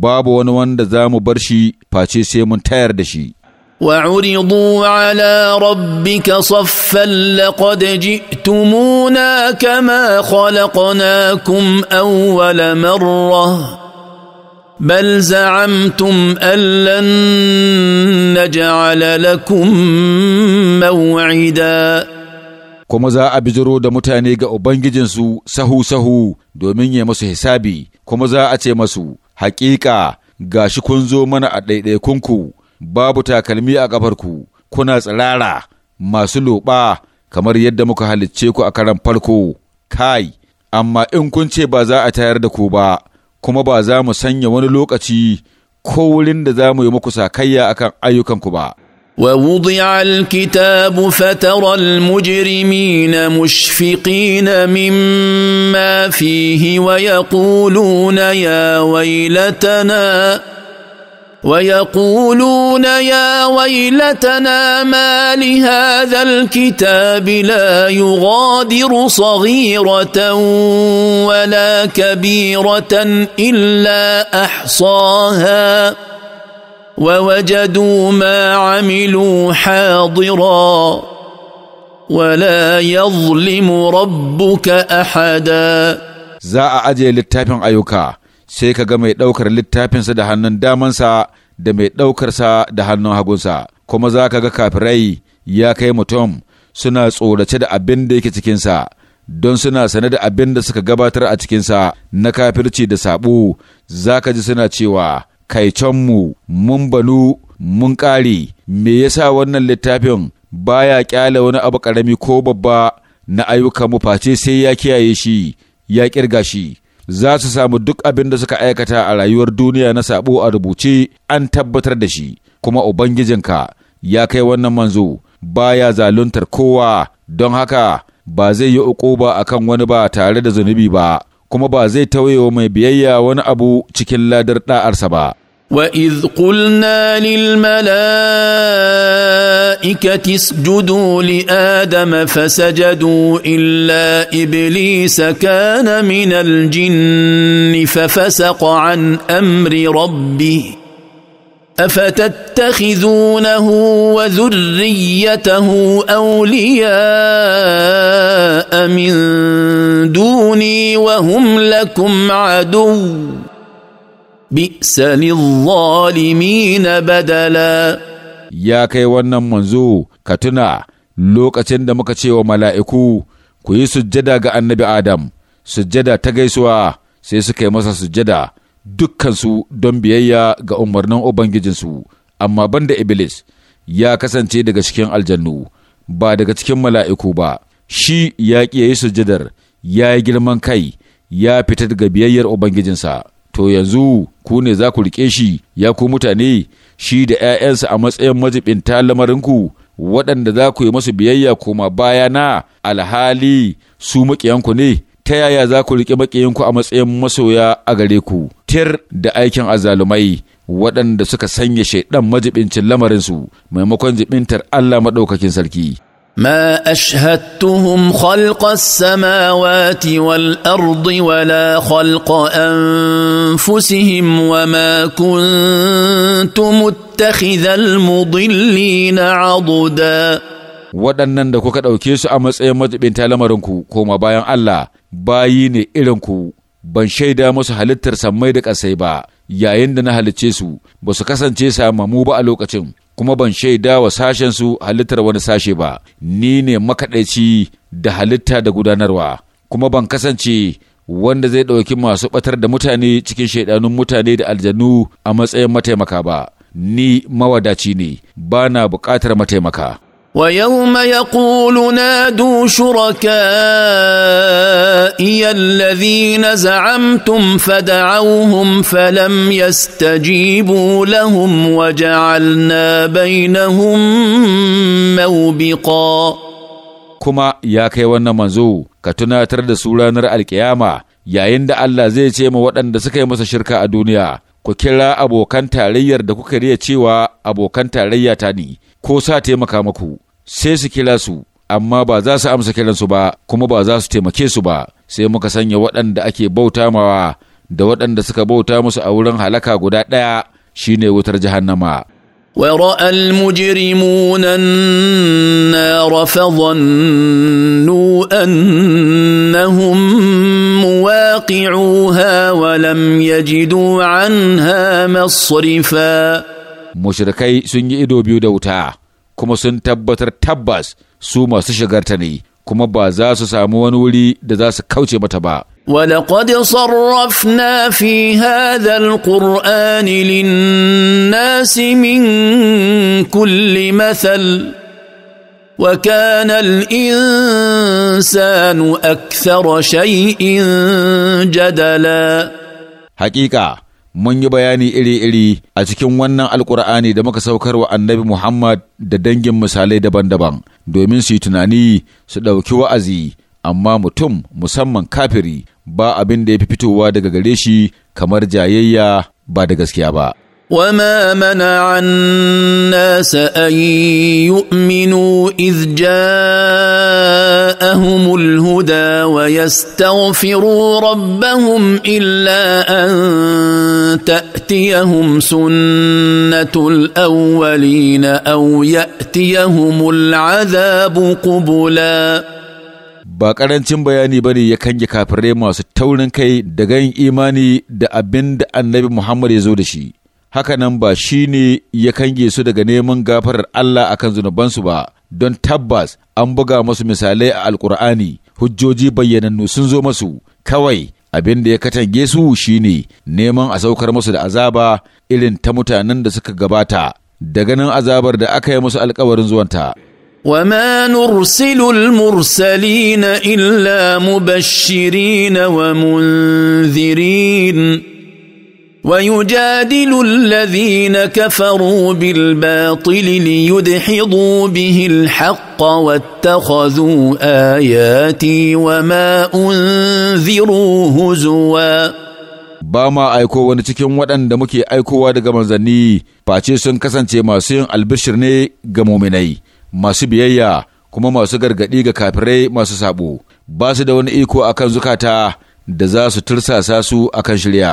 babu wani wanda za mu bar shi face sai mun tayar da shi وعرضوا على ربك صفا لقد جئتمونا كما خلقناكم أول مرة بل زعمتم ان لن نجعل لكم موعدا kuma za a bijiro da mutane ga Ubangijinsu sahu-sahu domin ya masu hisabi, kuma za a ce masu, Hakika, ga shi kun zo mana a ɗaiɗaikunku, babu takalmi a ƙafarku, kuna tsirara, masu loɓa, kamar yadda muka halicce ku a karan farko, kai, amma in kun ce ba za a tayar da ku ba. kuma ba za mu sanya wani lokaci ko wurin da za mu yi muku sakayya akan ayyukanku ba. ووضع الكتاب فترى المجرمين مشفقين مما فيه ويقولون يا ويلتنا ويقولون يا ويلتنا ما لهذا الكتاب لا يغادر صغيره ولا كبيره الا احصاها ووجدوا ما عملوا حاضرا ولا يظلم ربك احدا زاء a ajiye ايوكا sai ka ga mai ɗaukar littafinsa da hannun damansa da mai ɗaukarsa da hannun hagunsa, kuma za ka ga kafirai ya kai mutum suna tsorace da abin da yake cikinsa, don suna sane da abin da suka gabatar a cikinsa na kafirci da saɓo, za ka ji suna cewa, kai canmu mun banu, mun ƙare, me yasa wannan littafin baya ƙyale wani abu ƙarami ko babba na ayyukanmu face sai ya kiyaye shi, ya ƙirga shi. za su samu duk abin da suka aikata a rayuwar duniya na sabo a rubuce an tabbatar da shi kuma ubangijinka ya kai wannan manzo baya zaluntar kowa don haka ba zai yi uku a akan wani ba tare da zunubi ba kuma ba zai tauye mai biyayya wani abu cikin ladar da'arsa ba واذ قلنا للملائكه اسجدوا لادم فسجدوا الا ابليس كان من الجن ففسق عن امر ربه افتتخذونه وذريته اولياء من دوني وهم لكم عدو بئس للظالمين بدلا يا kai wannan manzo ka tuna lokacin da muka ce wa mala'iku ku yi sujjada ga annabi Adam sujjada ta gaisuwa sai suka yi masa sujjada dukkansu don biyayya ga umarnin ubangijinsu amma banda iblis ya kasance daga cikin aljannu ba daga cikin mala'iku ba shi ya ƙi yi sujjadar ya yi girman kai ya fita daga biyayyar ubangijinsa to yanzu ku ne za ku riƙe shi ya ku mutane shi da ‘ya'yansa a matsayin majibinta lamarinku waɗanda za ku yi masu biyayya kuma baya na alhali su maƙiyanku ne ta yaya za ku riƙe maƙiyanku a matsayin masoya a gare ku tir da aikin azalumai waɗanda suka sanya shaidan majibincin lamarinsu maimakon jibintar Allah maɗaukakin sarki. ما اشهدتهم خلق السماوات والارض ولا خلق انفسهم وما كنت متخذ المضلين عضدا waɗannan da kuka ɗauke su a matsayin majiɓinta lamarinku koma bayan Allah bayi ne irinku ban shaida musu halittar sammai da ƙasai ba yayin da na halicce su ba su kasance samamu ba a lokacin kuma ban shaida wa sashensu halittar wani sashe ba, ni ne makaɗaici da halitta da gudanarwa, kuma ban kasance wanda zai ɗauki masu ɓatar da mutane cikin shaidanun mutane da aljanu a matsayin mataimaka ba, ni mawadaci ne, ba na buƙatar mataimaka. ويوم يقول نادوا na الذين زعمتم فدعوهم فلم يستجيبوا لهم وجعلنا بينهم موبقا kuma ya kai wannan manzo ka tunatar da su ranar alkiyama yayin da Allah zai ce ma waɗanda suka yi masa shirka a duniya ku kira abokan tarayyar da kuka riya cewa abokan tarayya ta ne ko sa taimaka maku sai su kira su amma ba za su amsa kiransu ba kuma ba za su taimake su ba sai muka sanya waɗanda ake bauta mawa da waɗanda suka bauta musu a wurin halaka guda ɗaya shine wutar jahannama وراى المجرمون النار فظنوا انهم مواقعوها ولم يجدوا عنها مصرفا مشركي سنجي إدو بيو دوتا kuma sun tabbatar tabbas su masu shigarta ne kuma ba za su samu wani wuri da za su kauce mata ba ولقد صرفنا في هذا القرآن للناس من كل مثل وكان الإنسان أكثر شيء جدلا حقيقة mun yi bayani iri-iri a cikin wannan alkur'ani da muka saukar wa annabi Muhammad da dangin misalai daban-daban domin su yi tunani su ɗauki wa'azi amma mutum musamman kafiri ba abin da ya fi fitowa daga gare shi kamar jayayya ba da gaskiya ba. وما منع الناس ان يؤمنوا اذ جاءهم الهدى ويستغفروا ربهم الا ان تاتيهم سنه الاولين او ياتيهم العذاب قبلا ba ƙarancin bayani bane ya kange kafirai masu taurin kai daga yin imani da abin da annabi Muhammad ya zo da shi hakanan ba shi ne ya kange su daga neman gafarar Allah a kan zunubansu ba, don tabbas an buga masu misalai a Alƙur'ani, hujjoji bayyanannu sun zo masu, kawai abin da ya katange su ne neman a saukar musu da azaba irin ta mutanen da suka gabata, daga nan azabar da aka yi musu alkawarin zuwanta. وما نرسل المرسلين الا مبشرين ومنذرين ويجادل الذين كفروا بالباطل ليدحضوا به الحق واتخذوا آياتي وما أنذروا هزوا ba ma aiko wani cikin waɗanda muke aikowa daga manzanni face sun kasance masu yin albishir ne ga muminai masu biyayya kuma masu gargaɗi ga kafirai masu sabo ba su da wani iko akan zukata da za su tursasa su akan shirya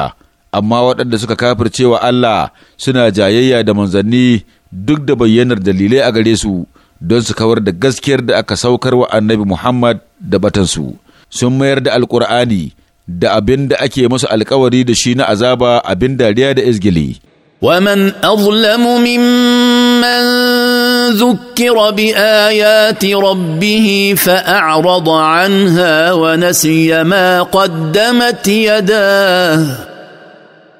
amma waɗanda suka kafirce wa Allah suna jayayya da manzanni duk da bayyanar dalilai a gare su don su kawar da gaskiyar da aka saukar wa annabi Muhammad da batansu sun mayar da alkur'ani da abin da ake masu alkawari da shi na azaba abin dariya da izgili. ومن أظلم ممن ذكر بآيات ربه فأعرض عنها ونسي ما قدمت يداه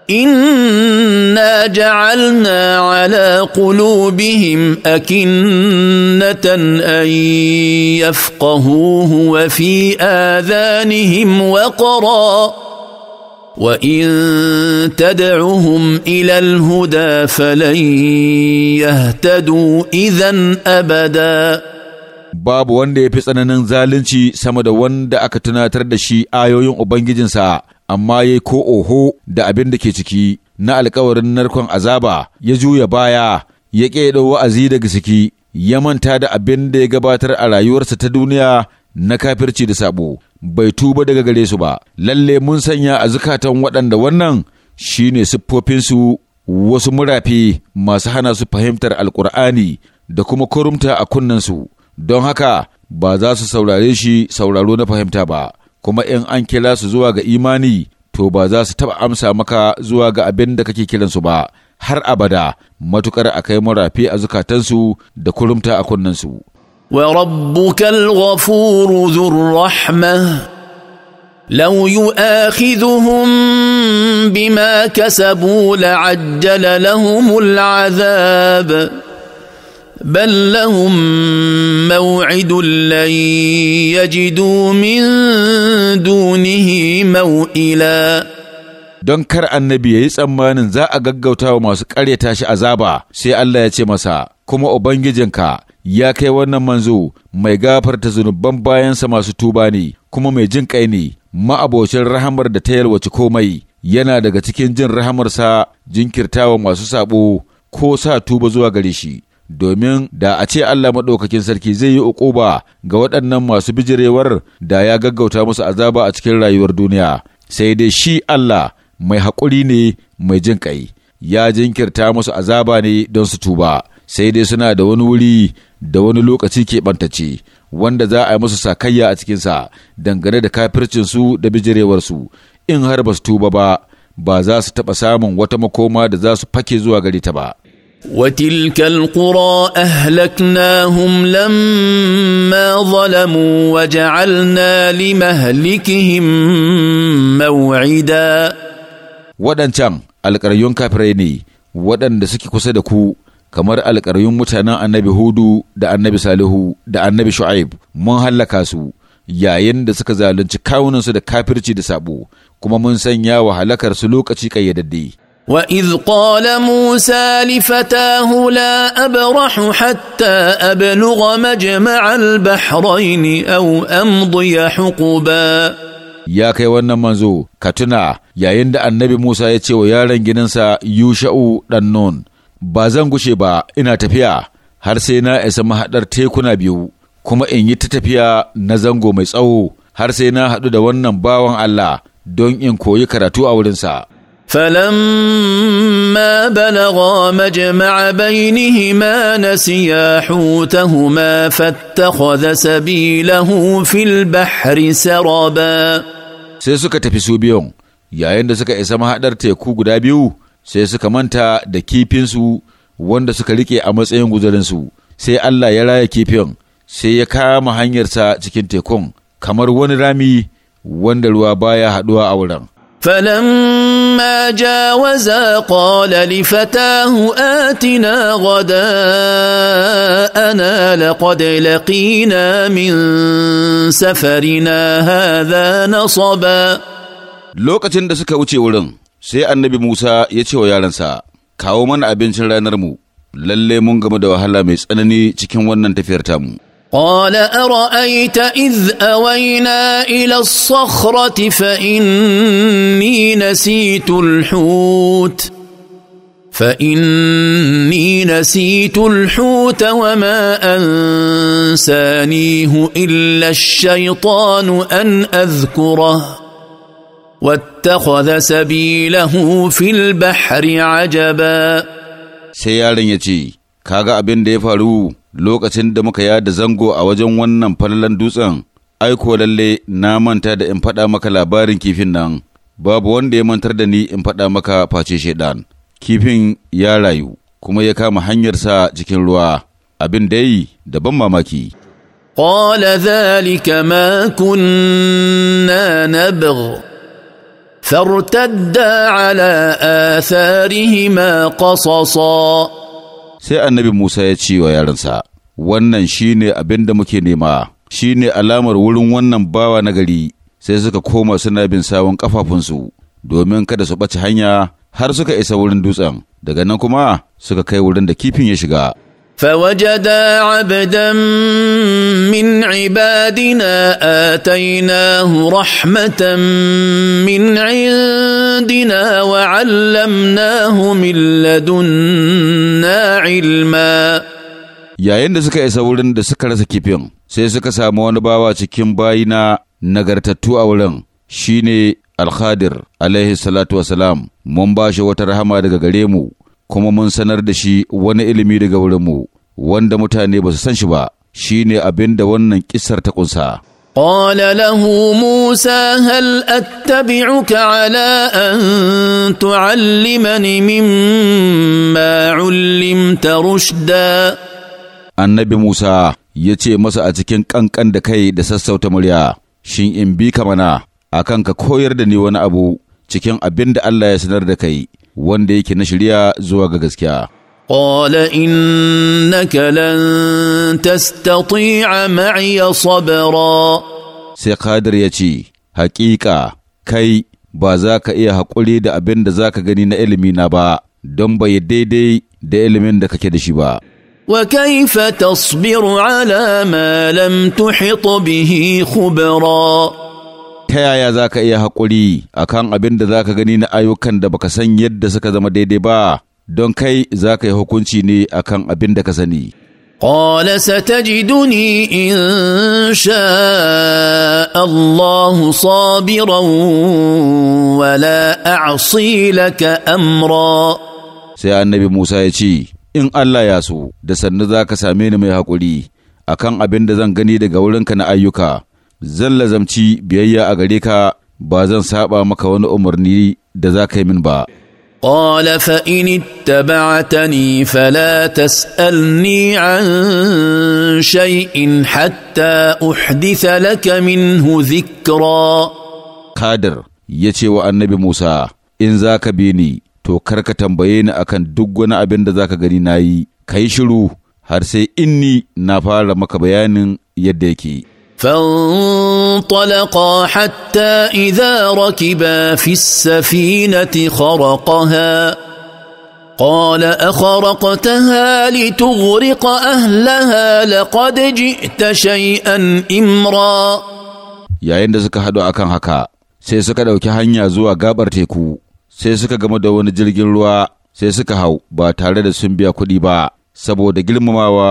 انا جعلنا على قلوبهم اكنه ان يفقهوه وفي اذانهم وقرا وان تدعهم الى الهدى فلن يهتدوا اذا ابدا babu wanda ya fi tsananin zalunci sama da wanda aka tunatar da shi ayoyin ubangijinsa amma ya ko oho da abin da ke ciki na alkawarin narkon azaba ya juya baya ya ƙeɗo wa'azi daga ciki ya manta da abin da ya gabatar a rayuwarsa ta duniya na kafirci da sabo bai tuba daga gare su ba lalle mun sanya a zukatan waɗanda wannan shine siffofinsu wasu murafi masu hana su fahimtar alkur'ani da kuma kurumta a su don haka ba za su saurare shi sauraro na fahimta ba kuma in an kira su zuwa ga imani to ba za su taɓa amsa maka zuwa ga abin da kake kiransu ba har abada matukar kai murafi a zukatansu da kurumta a kunnensu. وربك الغفور ذو الرحمه لو يؤاخذهم بما كسبوا لعجل لهم العذاب بل لهم موعد لن يجدوا من دونه موئلا don kar annabi ya yi tsammanin za a gaggauta wa masu ƙaryata shi azaba sai Allah ya ce masa kuma ubangijinka ya kai wannan manzo mai gafarta zunuban bayansa masu tuba ne kuma mai jin ƙai ne ma'abocin rahamar da ta yalwaci komai yana daga cikin jin rahamarsa jinkirtawa masu sabo ko sa tuba zuwa gare shi domin da a ce Allah maɗaukakin sarki zai yi uquba ga waɗannan masu bijirewar da ya gaggauta musu azaba a cikin rayuwar duniya sai dai shi Allah mai haƙuri ne mai jin ƙai ya jinkirta musu azaba ne don su tuba sai dai suna da wani wuri da wani lokaci keɓantace wanda za a yi musu sakayya a cikinsa dangane da kafircinsu da bijirewarsu in har ba su tuba ba ba za su taɓa samun wata makoma da za su fake zuwa gare ta ba. وتلك القرى اهلكناهم لما ظلموا وجعلنا لمهلكهم موعدا waɗancan alƙaryun kafirai ne waɗanda suke kusa da ku kamar alƙaryun mutanen annabi hudu da annabi salihu da annabi shu'aib mun hallaka su yayin da suka zalunci kawunansu da kafirci da sabo kuma mun sanya wa halakarsu lokaci ƙayyadadde واذ قال موسى لفتاه لا ابرح حتى ابلغ مجمع البحرين او امضي حقبا ya kai wannan manzo ka tuna yayin da annabi Musa ya ce wa yaron gininsa Yusha'u dan Nun, ba zan gushe ba ina tafiya har sai na isa mahaɗar tekuna biyu, kuma in yi ta tafiya na zango mai tsawo har sai na haɗu da wannan bawan Allah don in koyi karatu a wurinsa. فلما بلغا مجمع بينهما نسيا حوتهما فاتخذ سبيله في البحر سربا sai suka tafi su biyun yayin da suka isa mahaɗar teku guda biyu sai suka manta da kifinsu wanda suka rike a matsayin guzarinsu sai Allah ya raya kifin sai ya kama hanyarsa cikin tekun kamar wani rami wanda ruwa baya haɗuwa a wurin. فلما جاوزا قال لفتاه آتنا غداءنا لقد لقينا من سفرنا هذا نصبا lokacin da suka wuce wurin sai annabi Musa ya ce wa yaransa kawo mana abincin ranar mu lalle mun gamu da wahala mai tsanani cikin wannan tafiyar tamu قال ارايت اذ اوينا الى الصخره فاني نسيت الحوت فاني نسيت الحوت وما انسانيه الا الشيطان ان اذكره واتخذ سبيله في البحر عجبا سيارن يجي كاغا ابن ديفارو lokacin da muka yada zango a wajen wannan falalan dutsen, ai aiko lalle na manta da in faɗa maka labarin kifin nan, babu wanda ya mantar da ni in faɗa maka face shaiɗan. Kifin ya rayu, kuma ya kama hanyarsa cikin ruwa, abin dai da ban mamaki. قال ذلك ما كنا نبغ فارتدا على اثارهما قصصا sai annabi Musa ya ce wa yaransa, Wannan shi ne abin da muke nema, shi ne alamar wurin wannan bawa na gari, sai suka koma suna bin sawon kafafunsu, domin kada su ɓace hanya har suka isa wurin dutsen, daga nan kuma suka kai wurin da kifin ya shiga. فوجدا عبدا من عبادنا آتيناه رحمة من عند عندنا وعلمناه من لدنا علما yayin da suka isa wurin da suka rasa kifin sai suka samu wani bawa cikin bayina nagartattu a wurin shine alhadir alaihi salatu wasalam mun ba shi wata rahama daga gare mu kuma mun sanar da shi wani ilimi daga wurin mu, wanda mutane ba su san shi ba shine abin da wannan kisar ta kunsa قال له موسى هل اتبعك على ان تعلمني مما علمت رشدا annabi Musa ya ce masa a cikin ƙanƙan da kai da sassauta murya, Shin in bi ka mana, a kan ka koyar da ni wani abu cikin abin da Allah ya sanar da kai, wanda yake na shirya zuwa ga gaskiya. قال انك لن تستطيع معي صبرا sai Kadir ya ce, Hakika, kai ba za ka iya haƙuri da abin za ka gani na ilimi na ba, don bai daidai da ilimin da kake da shi ba. وكيف تصبر على ما لم تحط به خبرا ta yaya za ka iya haƙuri akan abin da za ka gani na ayyukan da baka san yadda suka zama daidai ba don kai za ka yi hukunci ne akan abin da ka sani. قال ستجدني إن شاء wala صابرا ولا أعصي ka amra. sai annabi Musa ya ce, In Allah ya so, da sannu za ka same ni mai haƙuri a kan abin da zan gani daga wurinka na ayyuka, zan lazamci biyayya a gare ka ba zan saba maka wani umarni da za ka yi min ba. قال فان اتبعتني فلا تسالني عن شيء حتى احدث لك منه ذكرا قادر yace wa annabi Musa in za ka bi ni to kar ka tambaye ni akan duk wani abin da za ka gani na yi ka yi shiru har sai inni na fara maka bayanin yadda yake فانطلقا حتى اذا ركبا في السفينه خرقها قال اخرقتها لتغرق اهلها لقد جئت شيئا امرا yayin da suka haɗu akan haka sai suka ɗauki hanya zuwa gabar teku sai suka gama da wani jirgin ruwa sai suka hau ba tare da sun biya kuɗi ba saboda girmamawa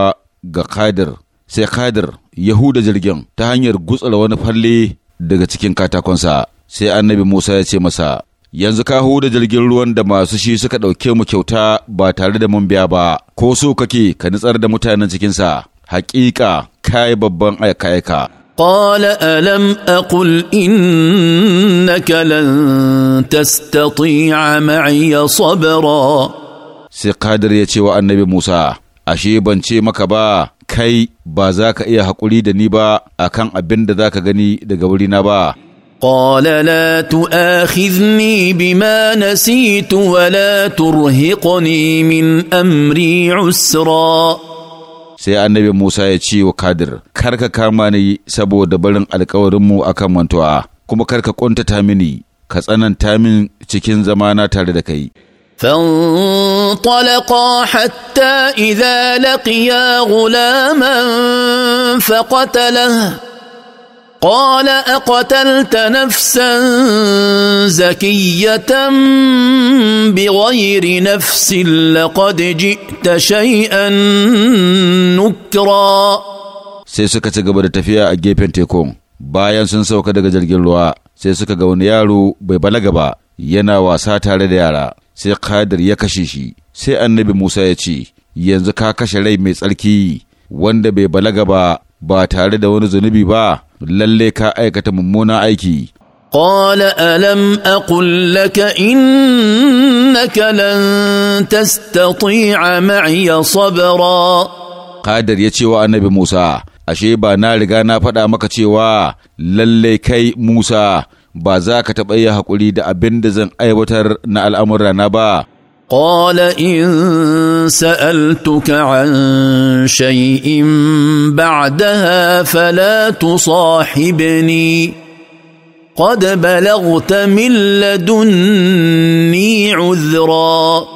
ga kadir sai kadir yahuda jirgin ta hanyar gutsara wani falle daga cikin katakonsa sai annabi Musa ya ce masa yanzu ka huda jirgin ruwan da masu shi suka ɗauke mu kyauta ba tare da mun biya ba ko so kake ka nitsar da mutanen cikinsa haƙiƙa kai babban aika-aika قال ألم أقل إنك لن تستطيع معي صبرا sai قادر ya ce wa annabi Musa, Ashe ban ce maka ba, kai ba za ka iya haƙuri da ni ba akan abin da za ka gani daga wurina ba. قال لا تؤاخذني بما نسيت ولا ترهقني من amri عسرا sai annabi Musa ya ce wa Kadir, Kar ka kama ni saboda barin alkawarinmu a kan mantuwa, kuma kar ka ƙuntata mini, ka tsananta min cikin zamana tare da kai. فانطلقا حتى اذا لقيا غلاما فقتله قال اقتلت نفسا زكيه بغير نفس لقد جئت شيئا نكرا sai suka ci gaba da tafiya a gefen tekun bayan sun sauka daga jirgin ruwa sai suka ga wani yaro bai balaga ba yana wasa tare da yara sai Qadir ya kashe shi sai annabi Musa ya ce yanzu ka kashe rai mai tsarki wanda bai balaga ba ba tare da wani zunubi ba lalle ka aikata mummunan aiki قال الم in لك انك لن تستطيع معي صبرا قادر ya ce wa annabi Musa ashe ba na riga na faɗa maka cewa lallai kai Musa ba za ka taɓa yi haƙuri da abin da zan aiwatar na al'amurana ba. قال إن سألتك عن شيء بعدها فلا تصاحبني قد بلغت من لدني عذرا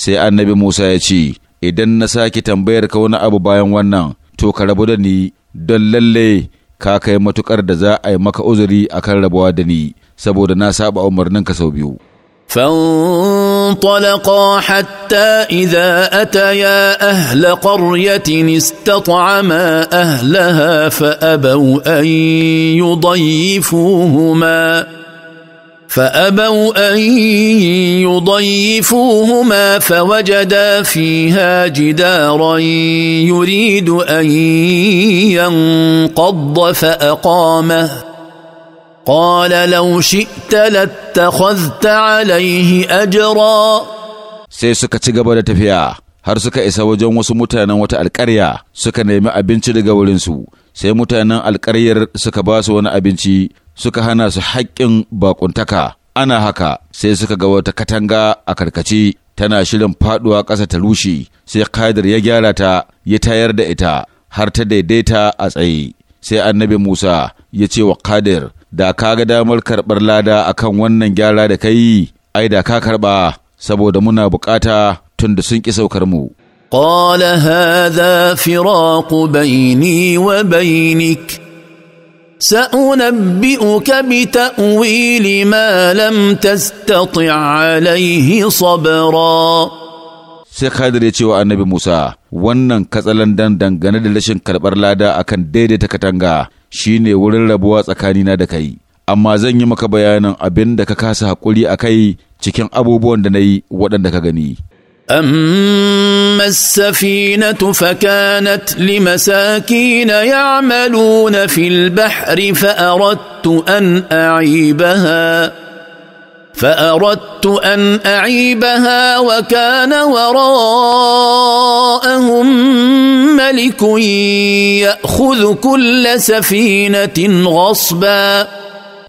sai annabi Musa ya ce, Idan na sake tambayar ka wani abu bayan wannan, to ka rabu da ni don lallai. ka kai matukar da za a yi maka uzuri akan rabuwa da ni saboda na saba umarninka sau biyu فانطلقا حتى اذا اتيا اهل قريه استطعما اهلها فابوا ان يضيفوهما فابوا ان يضيفوهما فوجدا فيها جدارا يريد ان ينقض فاقامه قال لو شئت لاتخذت عليه اجرا sai suka ci gaba da tafiya har suka isa wajen wasu mutanen wata alkarya suka nemi abinci daga wurinsu sai mutanen alkaryar suka ba su wani abinci suka hana su haƙƙin baƙuntaka ana haka sai suka ga wata katanga a karkace tana shirin faɗuwa ƙasa ta rushe sai kadir ya gyara ta ya tayar da ita har ta daidaita a tsaye sai annabi musa ya ce wa kadir da ka ga damar karɓar lada a kan wannan gyara da ka ai da ka karɓa saboda muna bukata tun da sun ƙi saukar mu قال هذا فراق بيني وبينك سانبئك بتاويل ما لم تستطع عليه صبرا sai Khadir ya ce wa annabi Musa, wannan katsalandan dangane da rashin karɓar lada akan daidaita katanga shine wurin rabuwa tsakanina da kai, amma zan yi maka bayanin abin da ka kasa haƙuri a kai cikin abubuwan da na yi waɗanda ka gani. اما السفينه فكانت لمساكين يعملون في البحر فاردت ان اعيبها فاردت ان اعيبها وكان وراءهم ملك ياخذ كل سفينه غصبا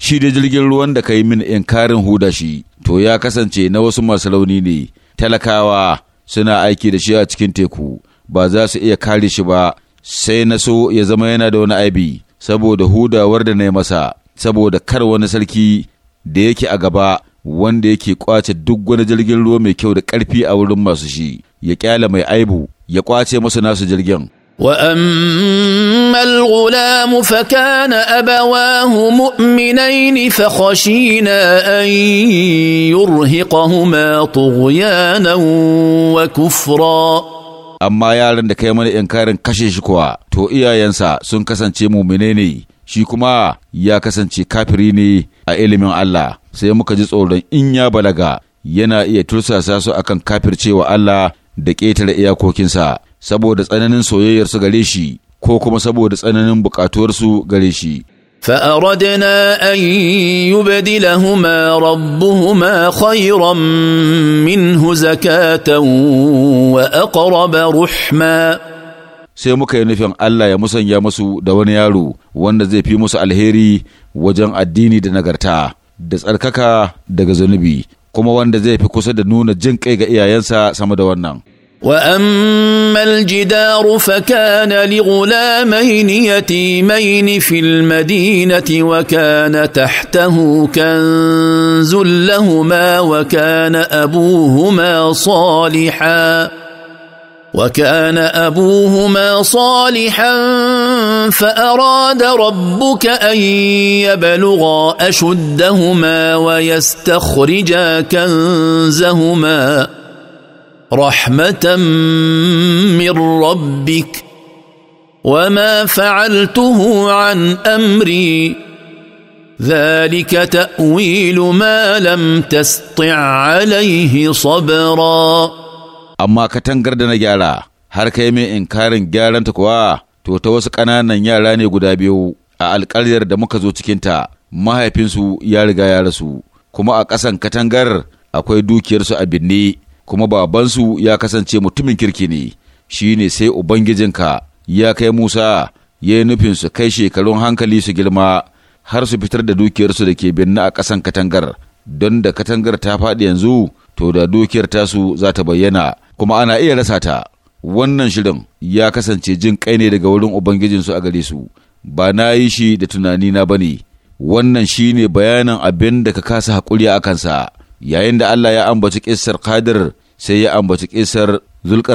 shi da jirgin من انكار هوداشي تو يا inkarin huda shi talakawa suna aiki da shi a cikin teku ba za su iya kare shi ba sai na so ya zama yana da wani aibi saboda hudawar da na yi masa saboda kar wani sarki da yake a gaba wanda yake kwace duk wani jirgin ruwa mai kyau da ƙarfi a wurin masu shi ya kyale mai aibu ya kwace masu nasu jirgin واما الغلام فكان ابواه مؤمنين فخشينا ان يرهقهما طغيانا وكفرا amma yaron da kai mana inkarin kashe shi kuwa to iyayensa sun kasance mumine ne shi kuma ya kasance kafiri ne a ilimin Allah sai muka ji tsoron in ya balaga yana iya tursasa su akan kafircewa Allah da ƙetare iyakokinsa saboda tsananin soyayyarsu gare shi ko kuma saboda tsananin bukatuwarsu gare shi فأردنا أن يبدلهما ربهما خيرا منه زكاة وأقرب رحما sai muka yi nufin Allah ya musanya musu da wani yaro wanda zai fi musu alheri wajen addini da nagarta da tsarkaka daga zunubi kuma wanda zai fi kusa da nuna jin kai ga iyayensa sama da wannan واما الجدار فكان لغلامين يتيمين في المدينه وكان تحته كنز لهما وكان ابوهما صالحا وكان ابوهما صالحا فاراد ربك ان يبلغا اشدهما ويستخرجا كنزهما رحمه من ربك وما فعلته عن امري ذلك تاويل ما لم تسطع عليه صبرا amma katangar da na gyara har kai mai inkarin gyaranta kuwa to ta wasu ƙananan yara ne guda biyu a alƙaryar da muka zo cikinta mahaifinsu ya riga ya rasu kuma a ƙasan katangar akwai dukiyarsu a binne kuma babansu ya kasance mutumin kirki ne shi ne sai ubangijinka ya kai musa ya yi nufin su kai shekarun hankali su girma har su fitar da dukiyarsu da ke binne a ƙasan katangar don da katangar ta faɗi yanzu to da dukiyar tasu za ta bayyana kuma ana iya rasa ta wannan shirin ya kasance jin kai ne daga wurin ubangijinsu a gare su ba na yi shi da tunani na bane wannan shi ne bayanin abin da ka kasa haƙuri a kansa yayin da Allah ya ambaci ƙisar kadir sai ya ambaci ƙisar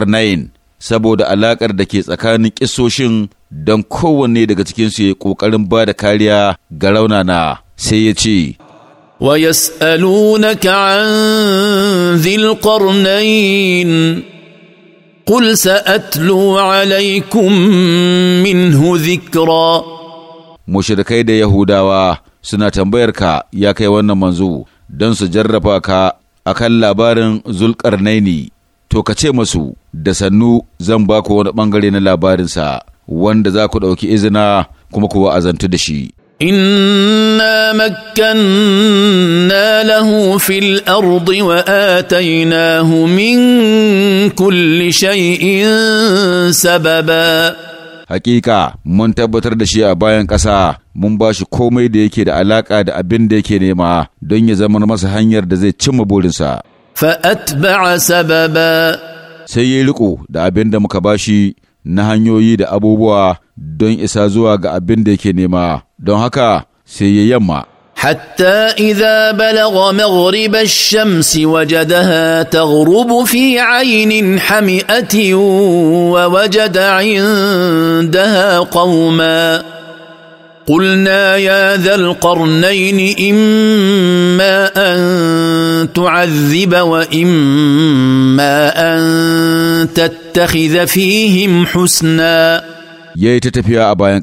nayin saboda alaƙar da ke tsakanin ƙisoshin don kowanne daga cikinsu ya ƙoƙarin ba da kariya ga na sai ya ce, ويسألونك عن ذي القرنين قل سأتلو عليكم منه ذكرا مشركي da Yahudawa suna tambayarka ya kai wannan manzo don su jarrafa ka akan labarin zulƙarnaini to ka ce masu da sannu zan ba ku wani ɓangare na labarinsa wanda za ku ɗauki izina kuma ku wa'azantu da shi. إنا مكنا له في الأرض وآتيناه من كل شيء سبباً hakika mun tabbatar da shi a bayan ƙasa mun ba shi komai da yake da alaƙa da abin da yake nema don ya zama masa hanyar da zai cimma burinsa. Fa'atba'a sababa. Sai ya riko da abin da muka bashi na hanyoyi da abubuwa don isa zuwa ga abin da yake nema, don haka sai ya yamma. حتى اذا بلغ مغرب الشمس وجدها تغرب في عين حمئه ووجد عندها قوما قلنا يا ذا القرنين اما ان تعذب واما ان تتخذ فيهم حسنا يا ابا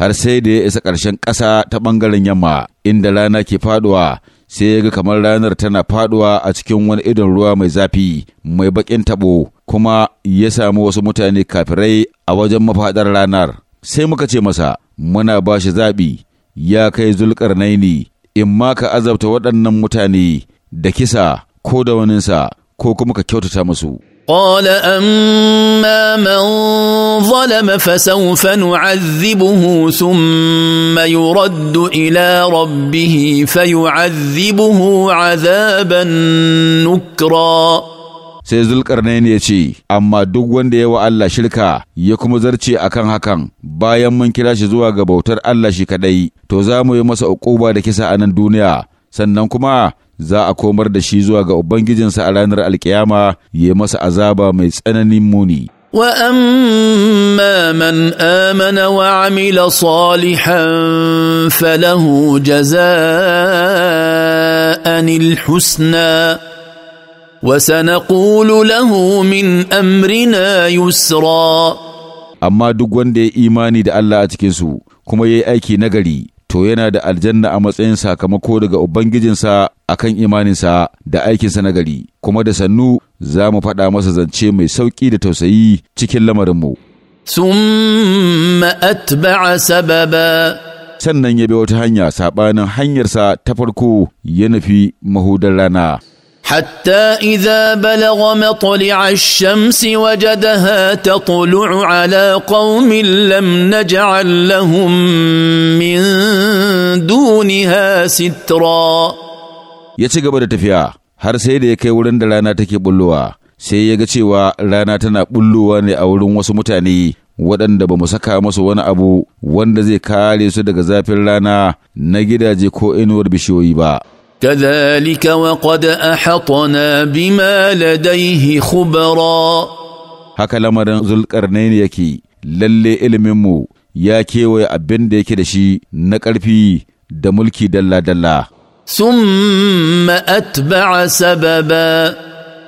har sai da ya isa ƙarshen ƙasa ta ɓangaren yamma inda rana ke faduwa sai ya ga kamar ranar tana faduwa a cikin wani idon ruwa mai zafi mai baƙin taɓo kuma ya samu wasu mutane kafirai a wajen mafaɗar ranar sai muka ce masa muna ba shi zaɓi ya kai zulƙar naini in ma ka azabta waɗannan mutane da kisa ko da waninsa ko kuma ka kyautata musu قال اما من ظلم فسوف نعذبه ثم يرد الى ربه فيعذبه عذابا نكرا sai zulkarnain ya ce amma duk wanda ya wa Allah shirka ya kuma zarce akan hakan bayan mun kira shi zuwa ga bautar Allah shi kaɗai, to za mu yi masa uquba da kisa a nan duniya sannan kuma za a komar da shi zuwa ga Ubangijinsa a ranar alkiyama ya masa azaba mai tsananin muni. واما من امن وعمل صالحا فله جزاء الحسنى وسنقول له من امرنا يسرا amma duk wanda ya imani da Allah a cikinsu kuma ya yi aiki nagari to yana da aljanna a matsayin sakamako daga Ubangijinsa a kan imaninsa da aikinsa na gari, kuma da sannu za mu faɗa masa zance mai sauƙi da tausayi cikin lamarinmu. Sannan ya bi wata hanya saɓanin hanyarsa ta farko ya nufi mahudar rana. حتى اذا بلغ مطلع الشمس وجدها تطلع على قوم لم نجعل لهم من دونها سترا ya ci gaba da tafiya har sai da ya kai wurin da rana take bullowa sai ya ga cewa rana tana bullowa ne a wurin wasu mutane waɗanda ba mu saka masu wani abu wanda zai kare su daga zafin rana na gidaje ko inuwar bishiyoyi ba كذلك وقد أحطنا بما لديه خبرا haka lamarin zulƙarnain yake lalle iliminmu ya kewaye abin da yake da shi na ƙarfi da mulki dalla-dalla. Summa atba'a sababa.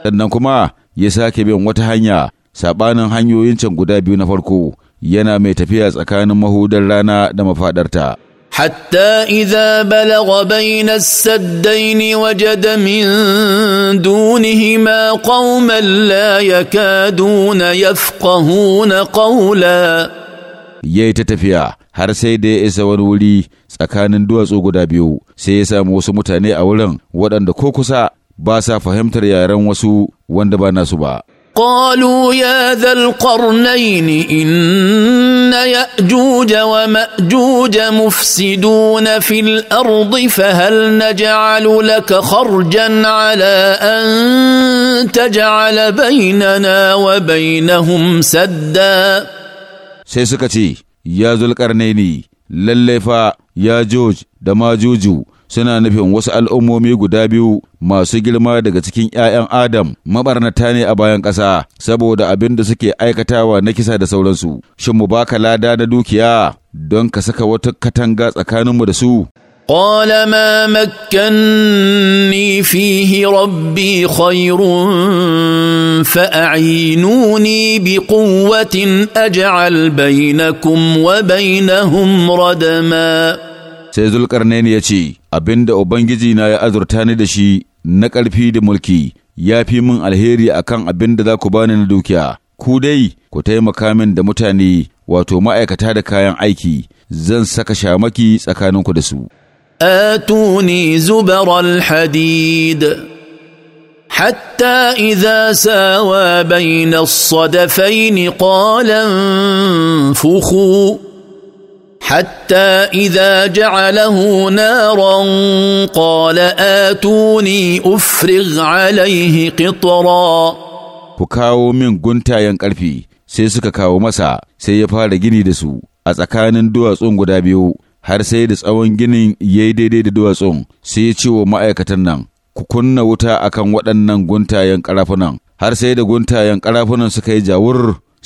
Sannan kuma ya sake bin wata hanya, saɓanin hanyoyin can guda biyu na farko, yana mai tafiya tsakanin mahudar rana da mafaɗarta. حتى اذا بلغ بين السدين وجد من دونهما قوما لا يكادون يفقهون قولا yayi ta tafiya har sai da ya isa wani wuri tsakanin duwatsu guda biyu sai ya samu wasu mutane a wurin waɗanda ko kusa ba sa fahimtar yaren wasu wanda ba nasu ba قالوا يا ذا القرنين إن يأجوج ومأجوج مفسدون في الأرض فهل نجعل لك خرجا على أن تجعل بيننا وبينهم سدا سيسكتي يا ذو القرنين للفا يا جوج دماجوجو suna nufin wasu al'ummomi guda biyu masu girma daga cikin ‘ya'yan Adam mabarnata ne a bayan ƙasa saboda abin da suke aikatawa na kisa da sauransu, shin mu baka lada na dukiya don ka saka wata katanga tsakaninmu da su. قال ما مكني فيه ربي خير فاعينوني بقوه اجعل بينكم وبينهم ردما sai zulkarnaini ya ce abin da ubangiji na ya azurta ni da shi na ƙarfi da mulki ya fi min alheri akan abin da za ku bani na dukiya ku dai ku taimaka min da mutane wato ma'aikata da kayan aiki zan saka shamaki tsakaninku da su آتوني زبر الحديد حتى إذا ساوى بين الصدفين قال انفخوا حتى اذا جعله نارا قال اتوني افرغ عليه قطرا ku kawo min guntayen ƙarfi sai suka kawo masa sai ya fara gini da su a tsakanin duwatsun guda biyu har sai da tsawon ginin ya yi daidai da duwatsun sai ya ce wa ma'aikatan nan ku kunna wuta akan waɗannan guntayen ƙarafunan har sai da guntayen ƙarafunan suka yi jawur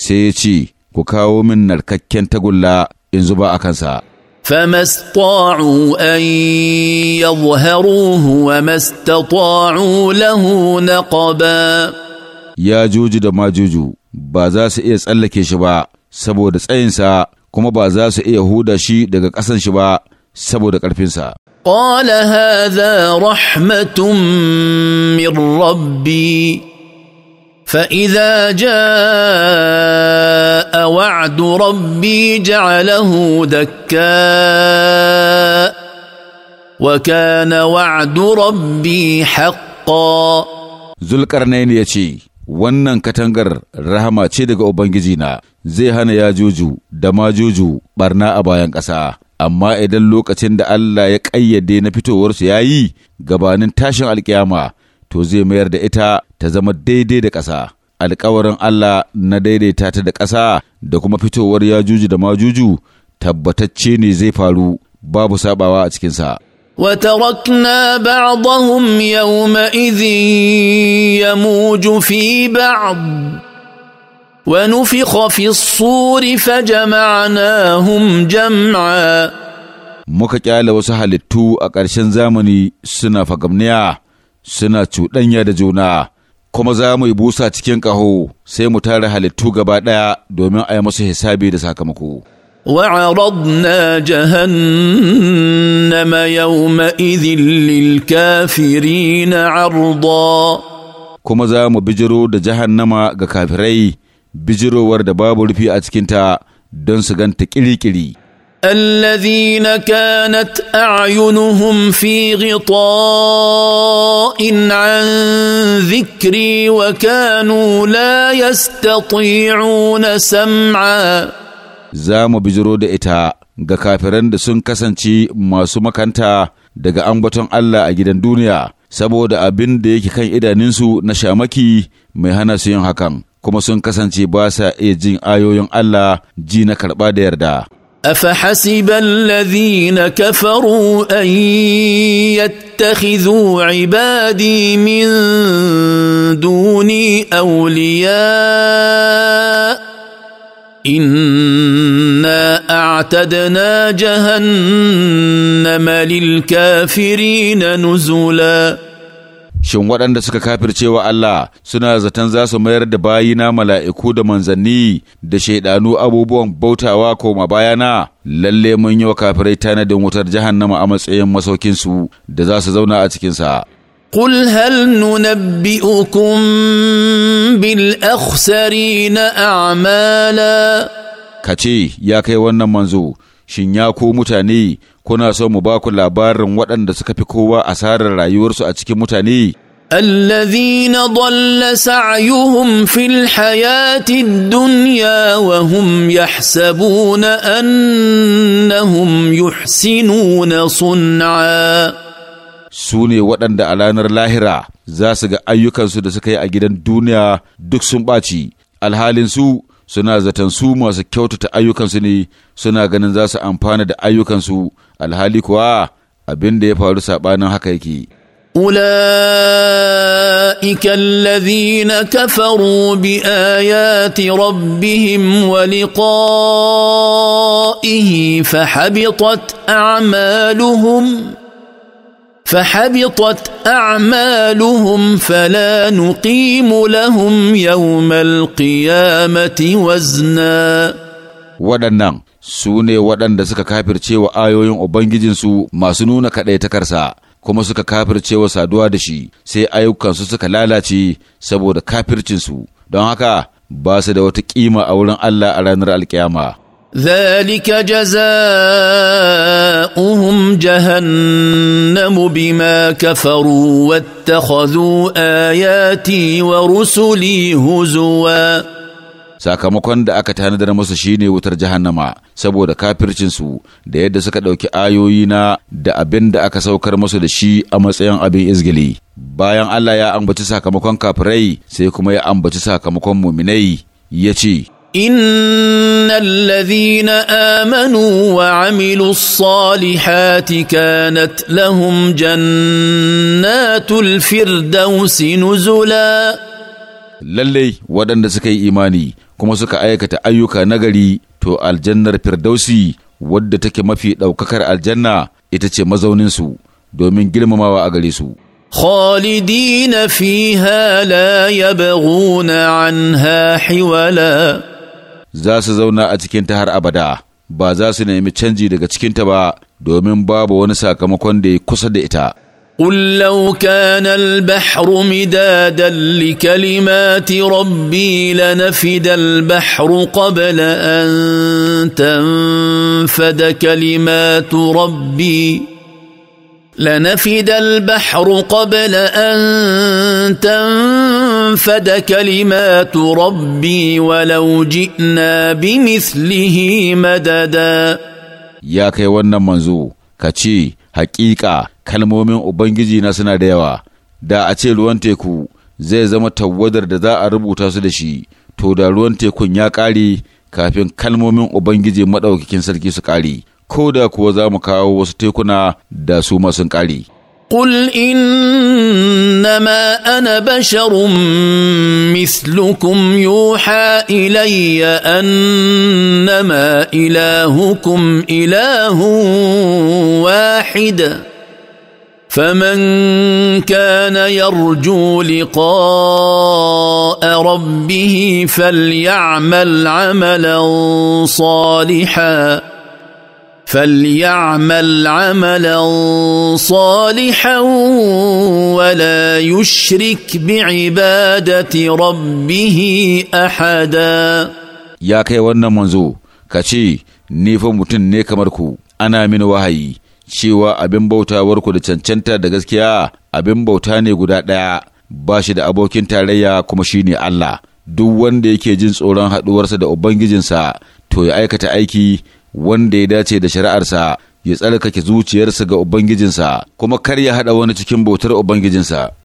sai ya ce ku kawo min narkakken tagulla in zuba a kansa. فما استطاعوا ان يظهروه وما استطاعوا ya نقبا يا جوج da majuju ba za su iya tsallake shi ba saboda tsayinsa kuma ba za su iya huda shi daga ƙasan shi ba saboda ƙarfinsa قال هذا رحمة من ربي فإذا جاء وعد ربي جعله دكاء وكان وعد ربي حقا zulkarnain ya wannan katangar rahama ce daga Ubangiji na. zai hana yajuju da majuju barna a bayan ƙasa amma idan lokacin da Allah ya ƙayyade na fitowarsu ya yi gabanin tashin alkiyama to zai mayar da ita ta zama daidai da ƙasa. Alkawarin Allah na daidaita ta da ƙasa da kuma fitowar yajuju da majuju tabbatacce ne zai faru babu sabawa a cikinsa. وتركنا بعضهم يومئذ يموج في بعض ونفخ في الصور فجمعناهم جمعا muka kyale wasu halittu a ƙarshen zamani suna fagamniya suna cuɗanya da juna kuma za mu yi busa cikin ƙaho sai mu tara halittu gaba ɗaya domin a yi musu hisabi da sakamako. وعرضنا جهنم يومئذ للكافرين عرضا kuma za mu bijiro da jahannama ga kafirai bijirowar da babu rufi a cikinta don su ganta ƙiriƙiri. الذين كانت اعينهم في غطاء عن ذكري وكانوا لا يستطيعون سمعا za mu bijiro da ita ga kafiran da sun kasance masu makanta daga ambaton Allah a gidan duniya saboda abin da yake kan idaninsu na shamaki mai hana su yin hakan kuma sun kasance ba sa iya jin ayoyin Allah ji na karɓa da yarda. افحسب الذين كفروا ان يتخذوا عبادي من دوني اولياء انا اعتدنا جهنم للكافرين نزلاً shin waɗanda suka kafircewa Allah suna zaton za su mayar da bayina mala'iku da manzanni da shaidanu abubuwan bautawa koma bayana lalle mun yi wa kafirai tanadin wutar jahannama a matsayin masaukinsu da za su zauna a cikinsa. قل هل ننبئكم بالأخسرين أعمالا كتي ya kai wannan manzo shin ya ko mutane kuna so mu ba ku labarin waɗanda suka fi kowa asarar rayuwarsu a cikin mutane الذين ضل سعيهم في الحياة الدنيا وهم يحسبون أنهم يحسنون Su ne waɗanda a ranar lahira za su ga ayyukansu da suka yi a gidan duniya duk sun ɓaci alhalin su suna zaton su masu kyautata ayyukansu ne suna ganin za su amfana da ayyukansu alhali kuwa abin da ya faru saɓanin haka yake. أولئك الذين كفروا بآيات ربهم ولقائه فحبطت أعمالهم فحبطت اعمالهم فلا نقيم لهم يوم القيامه وزنا waɗannan su ne waɗanda suka kafirce wa ayoyin Ubangijinsu masu nuna kaɗaitakarsa kuma suka kafirce wa saduwa da shi sai ayyukansu suka lalace saboda kafircinsu don haka ba su da wata ƙima a wurin Allah a ranar alkiyama. ذلك جزاؤهم جهنم بما كفروا واتخذوا آياتي ورسلي هزوا sakamakon da aka tanadar masa shine wutar jahannama saboda kafircinsu da yadda suka ɗauki ayoyina da abin da aka saukar musu da shi a matsayin abin izgili bayan Allah ya ambaci sakamakon kafirai sai kuma ya ambaci sakamakon muminai ya ce ان الذين امنوا وعملوا الصالحات كانت لهم جنات الفردوس nuzula. lallai waɗanda suka yi imani kuma suka aikata ayyuka nagari to aljannar firdausi wadda take mafi ɗaukakar aljanna ita ce mazauninsu domin girmamawa a gare su خالدين فيها لا يبغون عنها حولا za su zauna a cikinta har abada ba za su nemi canji daga cikinta ba domin babu wani sakamakon da ya kusa da ita قل لو كان البحر مدادا لكلمات ربي لنفد البحر قبل ان تنفد كلمات ربي لنفد البحر قبل ان تنفد فد كلمات ربي ولو جئنا mislihi madada. Ya kai wannan manzo ka ce haƙiƙa kalmomin ubangiji na suna da yawa da a ce ruwan teku zai zama tawadar da za a rubuta su da shi to da ruwan tekun ya ƙare kafin kalmomin ubangiji maɗaukakin sarki su ƙare ko da kuwa za mu kawo wasu tekuna da su ma ƙare قل انما انا بشر مثلكم يوحى الي انما الهكم اله واحد فمن كان يرجو لقاء ربه فليعمل عملا صالحا فليعمل عملا صالحا ولا يشرك بعباده ربه احدا Ya kai wannan manzo ka ce ni fa mutum ne kamar ku ana mini wahayi cewa abin bautawarku da cancanta da gaskiya abin bauta ne guda ɗaya ba shi da abokin tarayya kuma shi ne Allah duk wanda yake jin tsoron haɗuwarsa da Ubangijinsa to ya aikata aiki wanda ya dace da shari'arsa ya tsarkake zuciyarsa ga Ubangijinsa kuma kar ya haɗa wani cikin bautar Ubangijinsa.